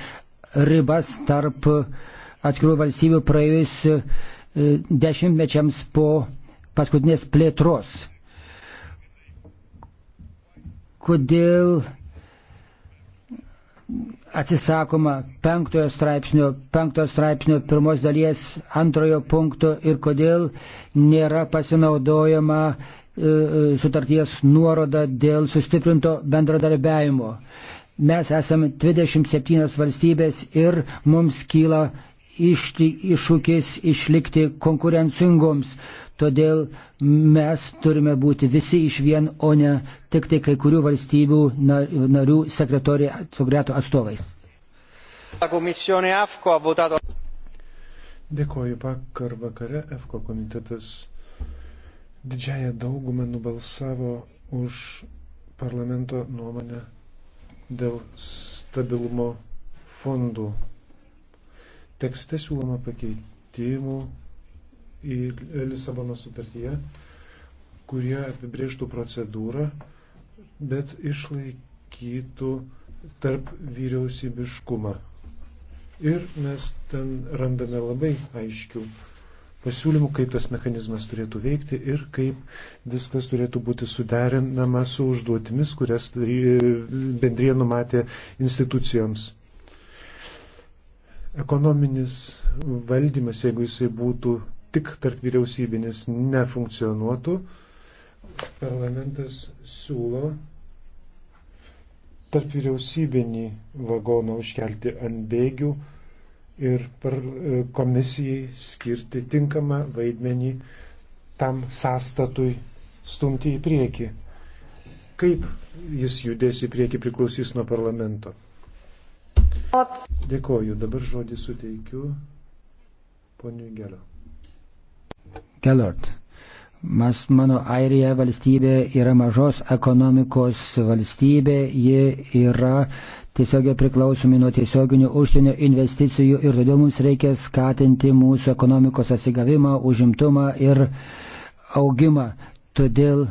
ribas tarp uh, atskirų valstybių praėjus e, e, dešimtmečiams po paskutinės plėtros. Kodėl atsisakoma penktojo straipsnio, penktojo straipsnio pirmos dalies antrojo punkto ir kodėl nėra pasinaudojama e, e sutarties nuoroda dėl sustiprinto bendradarbiavimo. Mes esame 27 valstybės ir mums kyla iššūkis išlikti konkurencingoms. Todėl mes turime būti visi iš vien, o ne tik tai kai kurių valstybių narių sekretoriato atstovais. Dėkoju, vakar vakare EFKO komitetas didžiąją daugumą nubalsavo už parlamento nuomonę dėl stabilumo fondų Tekste siūloma pakeitimų į Lisabono sutartyje, kurie apibrėžtų procedūrą, bet išlaikytų tarp vyriausybiškumą. Ir mes ten randame labai aiškių pasiūlymų, kaip tas mechanizmas turėtų veikti ir kaip viskas turėtų būti suderinama su užduotimis, kurias e, bendrė numatė institucijoms. Ekonominis valdymas, jeigu jisai būtų tik tarp vyriausybinis, nefunkcionuotų. Parlamentas siūlo tarp vyriausybinį vagoną užkelti ant bėgių ir e, komisijai skirti tinkamą vaidmenį tam sąstatui stumti į priekį. Kaip jis judės į priekį priklausys nuo parlamento. Dėkoju. Dabar žodį suteikiu poniai Gelio. Gelort. Mas mano Airija valstybė yra mažos ekonomikos valstybė, ji yra tiesiogiai priklausomi nuo tiesioginių užsienio investicijų ir todėl mums reikia skatinti mūsų ekonomikos atsigavimą, užimtumą ir augimą. Todėl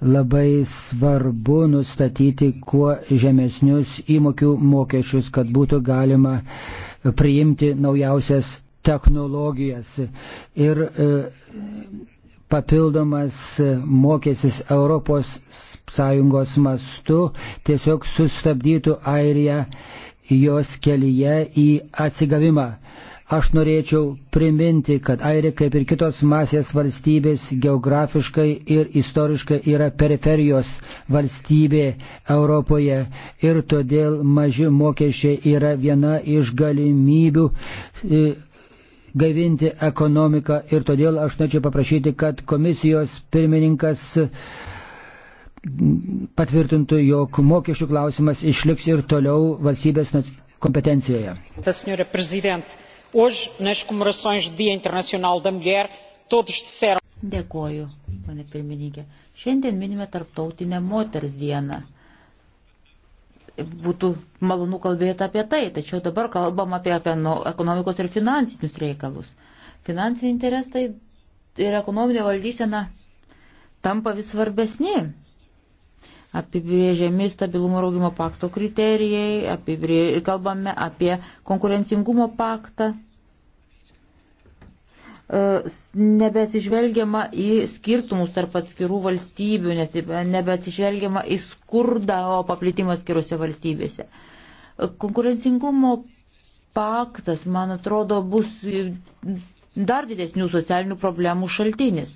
labai svarbu nustatyti kuo žemesnius įmokių mokesčius, kad būtų galima priimti naujausias technologijas. Ir e, papildomas mokestis Europos Sąjungos mastu tiesiog sustabdytų Airiją jos kelyje į atsigavimą. Aš norėčiau priminti, kad Airija, kaip ir kitos masės valstybės, geografiškai ir istoriškai yra periferijos valstybė Europoje ir todėl maži mokesčiai yra viena iš galimybių e, gaivinti ekonomiką ir todėl aš norėčiau paprašyti, kad komisijos pirmininkas patvirtintų, jog mokesčių klausimas išliks ir toliau valstybės kompetencijoje. Tas, Hoje, nas comemorações do Dia Internacional da Mulher, todos disseram. Dėkoju, pane pirmininkė. Šiandien minime Tarptautinę moters dieną. Būtų malonu kalbėti apie tai, tačiau dabar kalbam apie, apie no, nu, ekonomikos ir finansinius reikalus. Finansiniai interesai ir ekonominė valdysena tampa vis svarbesni apibrėžiami stabilumo raugimo pakto kriterijai, apibrė... kalbame apie konkurencingumo paktą, e, nebeatsižvelgiama į skirtumus tarp atskirų valstybių, nebeatsižvelgiama į skurdą, o paplitimą atskirose valstybėse. E, konkurencingumo paktas, man atrodo, bus dar didesnių socialinių problemų šaltinis.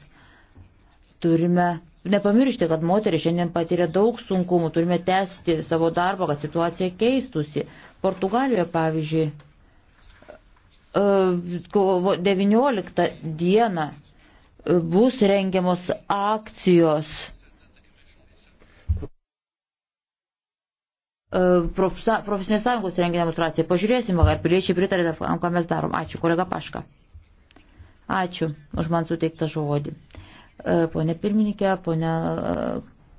Turime nepamiršti, kad moteris šiandien patiria daug sunkumų, turime tęsti savo darbą, kad situacija keistusi. Portugalijoje, pavyzdžiui, e, kovo 19 dieną e, bus rengiamos akcijos e, profesinės sąjungos rengia demonstraciją. Pažiūrėsim, ar piliečiai pritarė tam, ką mes darom. Ačiū, kolega Paška. Ačiū už man suteiktą žodį. E, ponė pirmininkė, ponė e,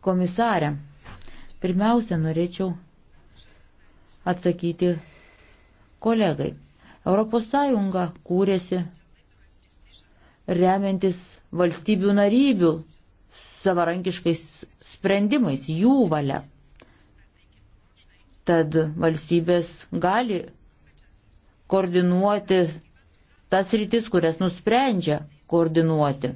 komisarė. Pirmiausia, norėčiau atsakyti kolegai. Europos Sąjunga kūrėsi remiantis valstybių narybių savarankiškais sprendimais, jų valia. Tad valstybės gali koordinuoti tas rytis, kurias nusprendžia koordinuoti.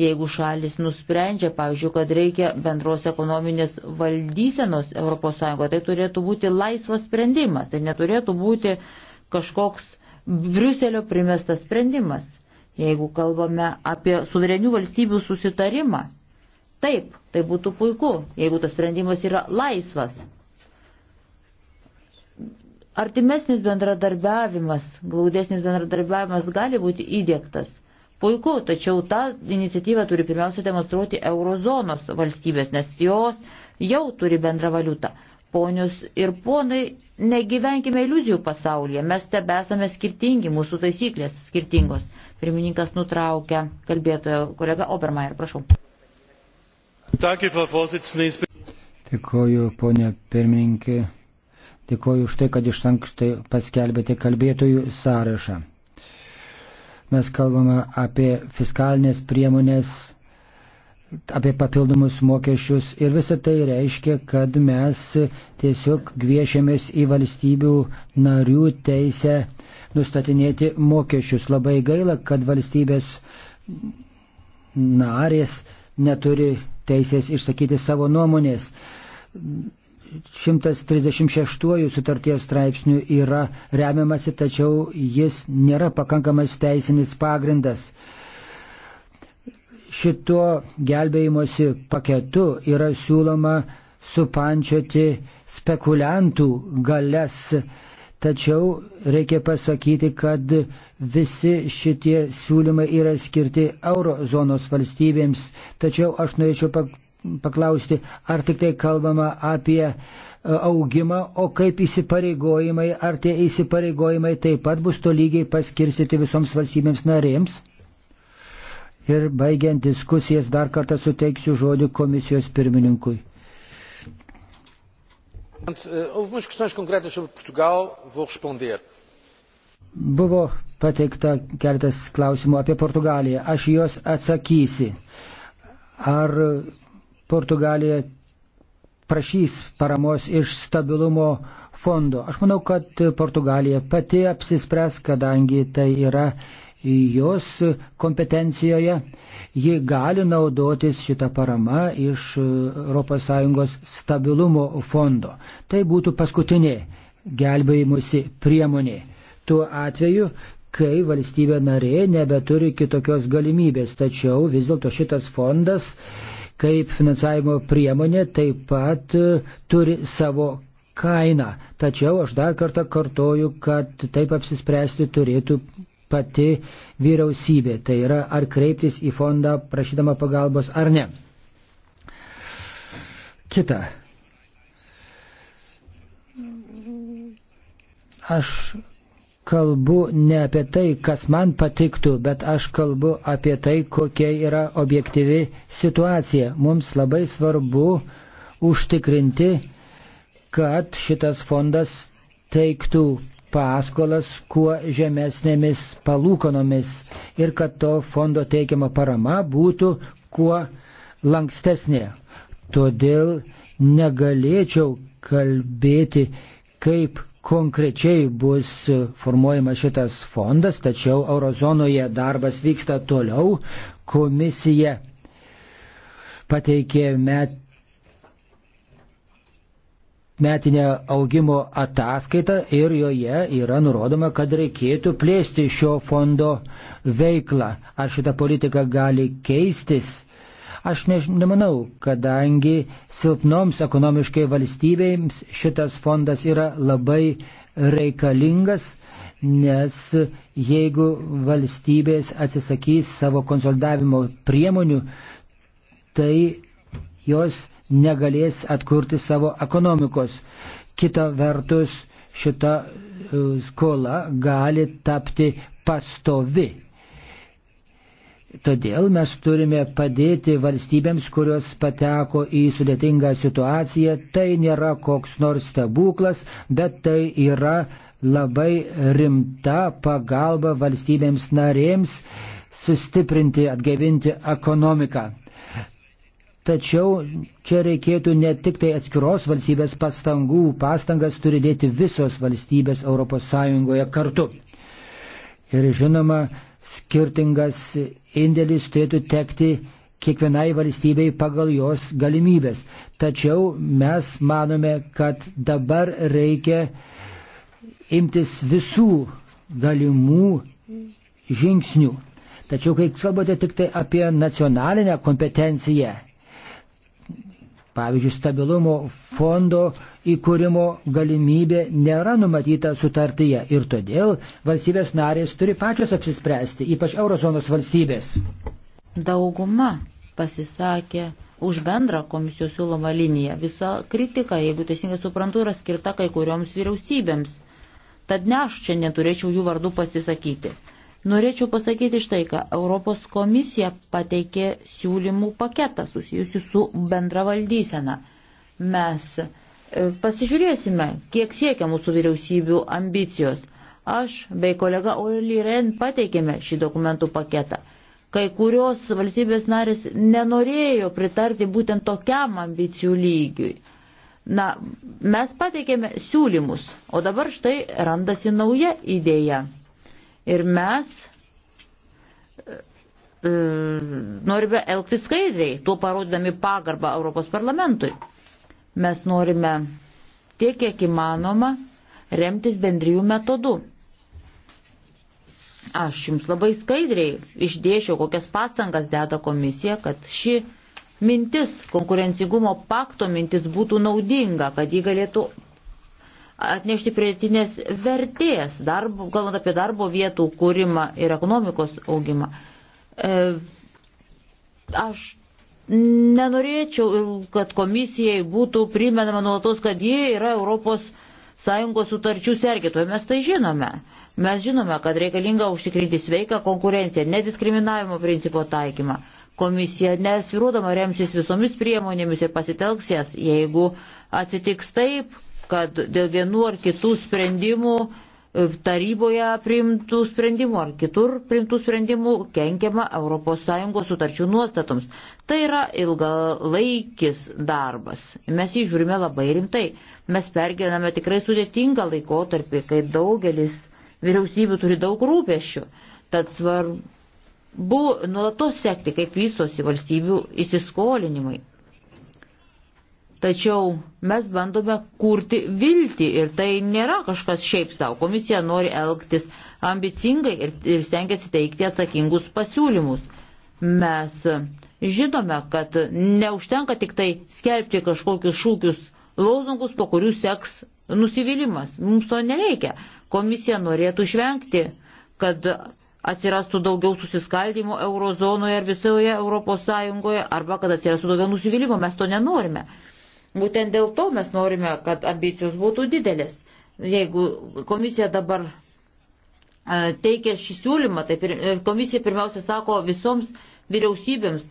Jeigu šalis nusprendžia, pavyzdžiui, kad reikia bendros ekonominės valdysenos ES, tai turėtų būti laisvas sprendimas, tai neturėtų būti kažkoks Briuselio primestas sprendimas. Jeigu kalbame apie suverenių valstybių susitarimą, taip, tai būtų puiku, jeigu tas sprendimas yra laisvas. Artimesnis bendradarbiavimas, glaudesnis bendradarbiavimas gali būti įdėktas Puiku, tačiau tą iniciatyvą turi pirmiausia demonstruoti eurozonos valstybės, nes jos jau turi bendrą valiutą. Ponius ir ponai, negyvenkime iliuzijų pasaulyje, mes tebe esame skirtingi, mūsų taisyklės skirtingos. Pirmininkas nutraukė kalbėtojo kolega Obermeier, prašau. Dėkoju, ponė pirmininkė. Dėkoju už tai, kad iš anksto paskelbėte kalbėtojų sąrašą. Mes kalbame apie fiskalinės priemonės, apie papildomus mokesčius ir visa tai reiškia, kad mes tiesiog gviešėmės į valstybių narių teisę nustatinėti mokesčius. Labai gaila, kad valstybės narės neturi teisės išsakyti savo nuomonės. 136 sutarties straipsnių yra remiamasi, tačiau jis nėra pakankamas teisinis pagrindas. Šituo gelbėjimosi paketu yra siūloma supančioti spekuliantų galės, tačiau reikia pasakyti, kad visi šitie siūlymai yra skirti eurozonos valstybėms, tačiau aš norėčiau paklausti, ar tik tai kalbama apie e, augimą, o kaip įsipareigojimai, ar tie įsipareigojimai taip pat bus tolygiai paskirstyti visoms valstybėms narėms. Ir baigiant diskusijas dar kartą suteiksiu žodį komisijos pirmininkui. Eh, Buvo pateikta keletas klausimų apie Portugaliją. Aš juos atsakysi. Ar Portugalija prašys paramos iš stabilumo fondo. Aš manau, kad Portugalija pati apsispręs, kadangi tai yra jos kompetencijoje. Ji gali naudotis šitą paramą iš ES stabilumo fondo. Tai būtų paskutinė gelbėjimusi priemonė. Tuo atveju, kai valstybė narė nebeturi kitokios galimybės, tačiau vis dėlto šitas fondas uh, kaip finansavimo priemonė taip pat e, turi savo kainą. Tačiau aš dar kartą kartoju, kad taip apsispręsti turėtų pati vyriausybė. Tai yra, ar kreiptis į fondą prašydama pagalbos ar ne. Kita. Aš kalbu ne apie tai, kas man patiktų, bet aš kalbu apie tai, kokia yra objektyvi situacija. Mums labai svarbu užtikrinti, kad šitas fondas teiktų paskolas kuo žemesnėmis palūkonomis ir kad to fondo teikiama parama būtų kuo lankstesnė. Todėl negalėčiau kalbėti kaip konkrečiai bus formuojamas šitas fondas, tačiau eurozonoje darbas vyksta toliau. Komisija pateikė met, metinę augimo ataskaitą ir joje yra nurodoma, kad reikėtų plėsti šio fondo veiklą. Ar šita politika gali keistis? Aš ne, nemanau, kadangi silpnoms ekonomiškai valstybėms šitas fondas yra labai reikalingas, nes jeigu valstybės atsisakys savo konsolidavimo priemonių, tai jos negalės atkurti savo ekonomikos. Kita vertus, šita e, skola gali tapti pastovi Todėl mes turime padėti valstybėms, kurios pateko į sudėtingą situaciją. Tai nėra koks nors stebuklas, bet tai yra labai rimta pagalba valstybėms narėms sustiprinti, atgaivinti ekonomiką. Tačiau čia reikėtų ne tik tai atskiros valstybės pastangų, pastangas turi dėti visos valstybės ES kartu. Ir žinoma, skirtingas indėlis turėtų tekti kiekvienai valstybei pagal jos galimybės. Tačiau mes manome, kad dabar reikia imtis visų galimų žingsnių. Tačiau, kai kalbate tik tai apie nacionalinę kompetenciją, Pavyzdžiui, stabilumo fondo įkūrimo galimybė nėra numatyta sutartyje ir todėl valstybės narės turi pačios apsispręsti, ypač eurozonos valstybės. Dauguma pasisakė už bendrą komisijos siūlomą liniją. Visa kritika, jeigu teisingai suprantu, yra skirta kai kurioms vyriausybėms. Tad ne aš čia neturėčiau jų vardų pasisakyti. Norėčiau pasakyti štai, ką Europos komisija pateikė siūlymų paketą susijusiu su bendra valdysena. Mes e, pasižiūrėsime, kiek siekia mūsų vyriausybių ambicijos. Aš bei kolega Oli Ren pateikėme šį dokumentų paketą. Kai kurios valstybės narės nenorėjo pritarti būtent tokiam ambicijų lygiui. Na, mes pateikėme siūlymus, o dabar štai randasi nauja idėja. Ir mes e, e, norime elgti skaidriai, tuo parodydami pagarbą Europos parlamentui. Mes norime tiek, kiek įmanoma, remtis bendrijų metodu. Aš jums labai skaidriai išdėšiau, kokias pastangas deda komisija, kad ši mintis, konkurencingumo pakto mintis būtų naudinga, kad jį galėtų atnešti prietinės vertės, darbo, kalbant apie darbo vietų kūrimą ir ekonomikos augimą. E, aš nenorėčiau, kad komisijai būtų primenama nuolatos, kad ji yra Europos Sąjungos sutarčių sergėtoja. Mes tai žinome. Mes žinome, kad reikalinga užtikrinti sveiką konkurenciją, nediskriminavimo principo taikymą. Komisija nesviruodama remsis visomis priemonėmis ir pasitelks jas, jeigu atsitiks taip, kad dėl vienų ar kitų sprendimų e, taryboje priimtų sprendimų ar kitur priimtų sprendimų kenkiama ES sutarčių nuostatoms. Tai yra ilgalaikis darbas. Mes jį žiūrime labai rimtai. Mes pergyvename tikrai sudėtingą laikotarpį, kai daugelis vyriausybių turi daug rūpešių. Tad svarbu nuolatos sekti, kaip vystosi valstybių įsiskolinimai. Tačiau mes bandome kurti viltį ir tai nėra kažkas šiaip savo. Komisija nori elgtis ambicingai ir, ir stengiasi teikti atsakingus pasiūlymus. Mes žinome, kad neužtenka tik tai skelbti kažkokius šūkius, lozungus, po kurių seks nusivylimas. Mums to nereikia. Komisija norėtų išvengti, kad atsirastų daugiau susiskaldimo eurozonoje ar visoje Europos Sąjungoje, arba kad atsirastų daugiau nusivylimų. Mes to nenorime. Būtent dėl to mes norime, kad ambicijos būtų didelės. Jeigu komisija dabar e, teikia šį siūlymą, tai e, komisija pirmiausia sako visoms vyriausybėms,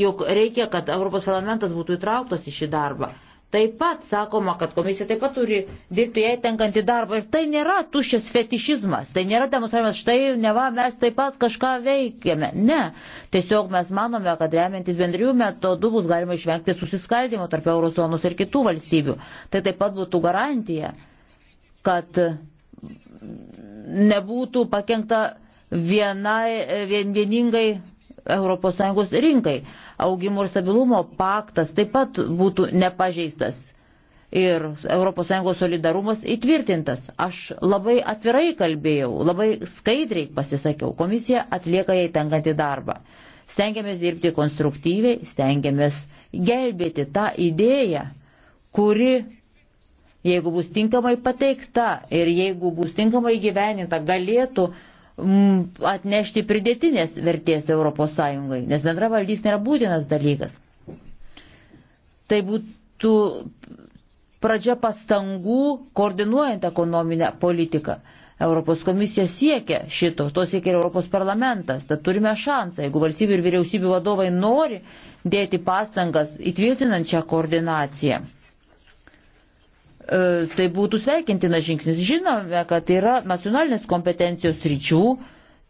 jog reikia, kad Europos parlamentas būtų įtrauktas į šį darbą. Taip pat sakoma, kad komisija taip pat turi dirbti jai tenkantį darbą. Ir tai nėra tuščias fetišizmas, tai nėra demonstravimas, štai neva mes taip pat kažką veikiame. Ne, tiesiog mes manome, kad remiantis bendrijų metodų bus galima išvengti susiskaldimo tarp eurozonos ir kitų valstybių. Tai taip pat būtų garantija, kad nebūtų pakengta vienai, vien, vieningai ES rinkai. Augimo ir stabilumo paktas taip pat būtų nepažeistas ir ES solidarumas įtvirtintas. Aš labai atvirai kalbėjau, labai skaidriai pasisakiau. Komisija atlieka jai tenkantį darbą. Stengiamės dirbti konstruktyviai, stengiamės gelbėti tą idėją, kuri, jeigu bus tinkamai pateikta ir jeigu bus tinkamai gyveninta, galėtų uh, atnešti pridėtinės vertės ES, nes bendra valdysena yra būtinas dalykas. Tai būtų pradžia pastangų koordinuojant ekonominę politiką. Europos komisija siekia šito, to siekia ir Europos parlamentas. Tad turime šansą, jeigu valstybių ir vyriausybių vadovai nori dėti pastangas įtvirtinant šią koordinaciją. E, tai būtų sveikintinas žingsnis. Žinome, kad yra nacionalinės kompetencijos ryčių,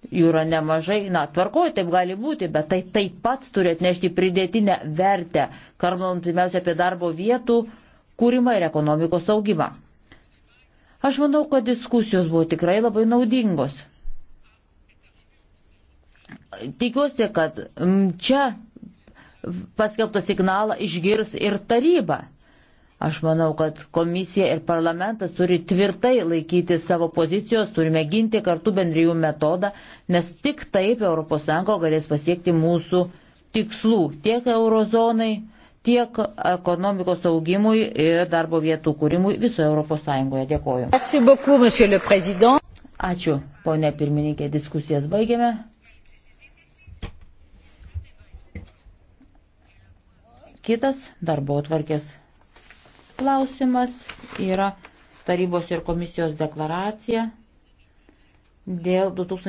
jų yra nemažai, na, tvarkoju, taip gali būti, bet tai taip pat turi atnešti pridėtinę vertę, karmalom pirmiausia apie darbo vietų kūrimą ir ekonomikos augimą. Aš manau, kad diskusijos buvo tikrai labai naudingos. Tikiuosi, kad mm, čia paskelbtą signalą išgirs ir taryba Aš manau, kad komisija ir parlamentas turi tvirtai laikyti savo pozicijos, turime ginti kartu bendrijų metodą, nes tik taip ES galės pasiekti mūsų tikslų tiek eurozonai, tiek ekonomikos augimui ir darbo vietų kūrimui visoje ES. Dėkoju. Ačiū, ponė pirmininkė, diskusijas baigėme. Kitas darbo atvarkės klausimas yra tarybos ir komisijos deklaracija dėl 2000.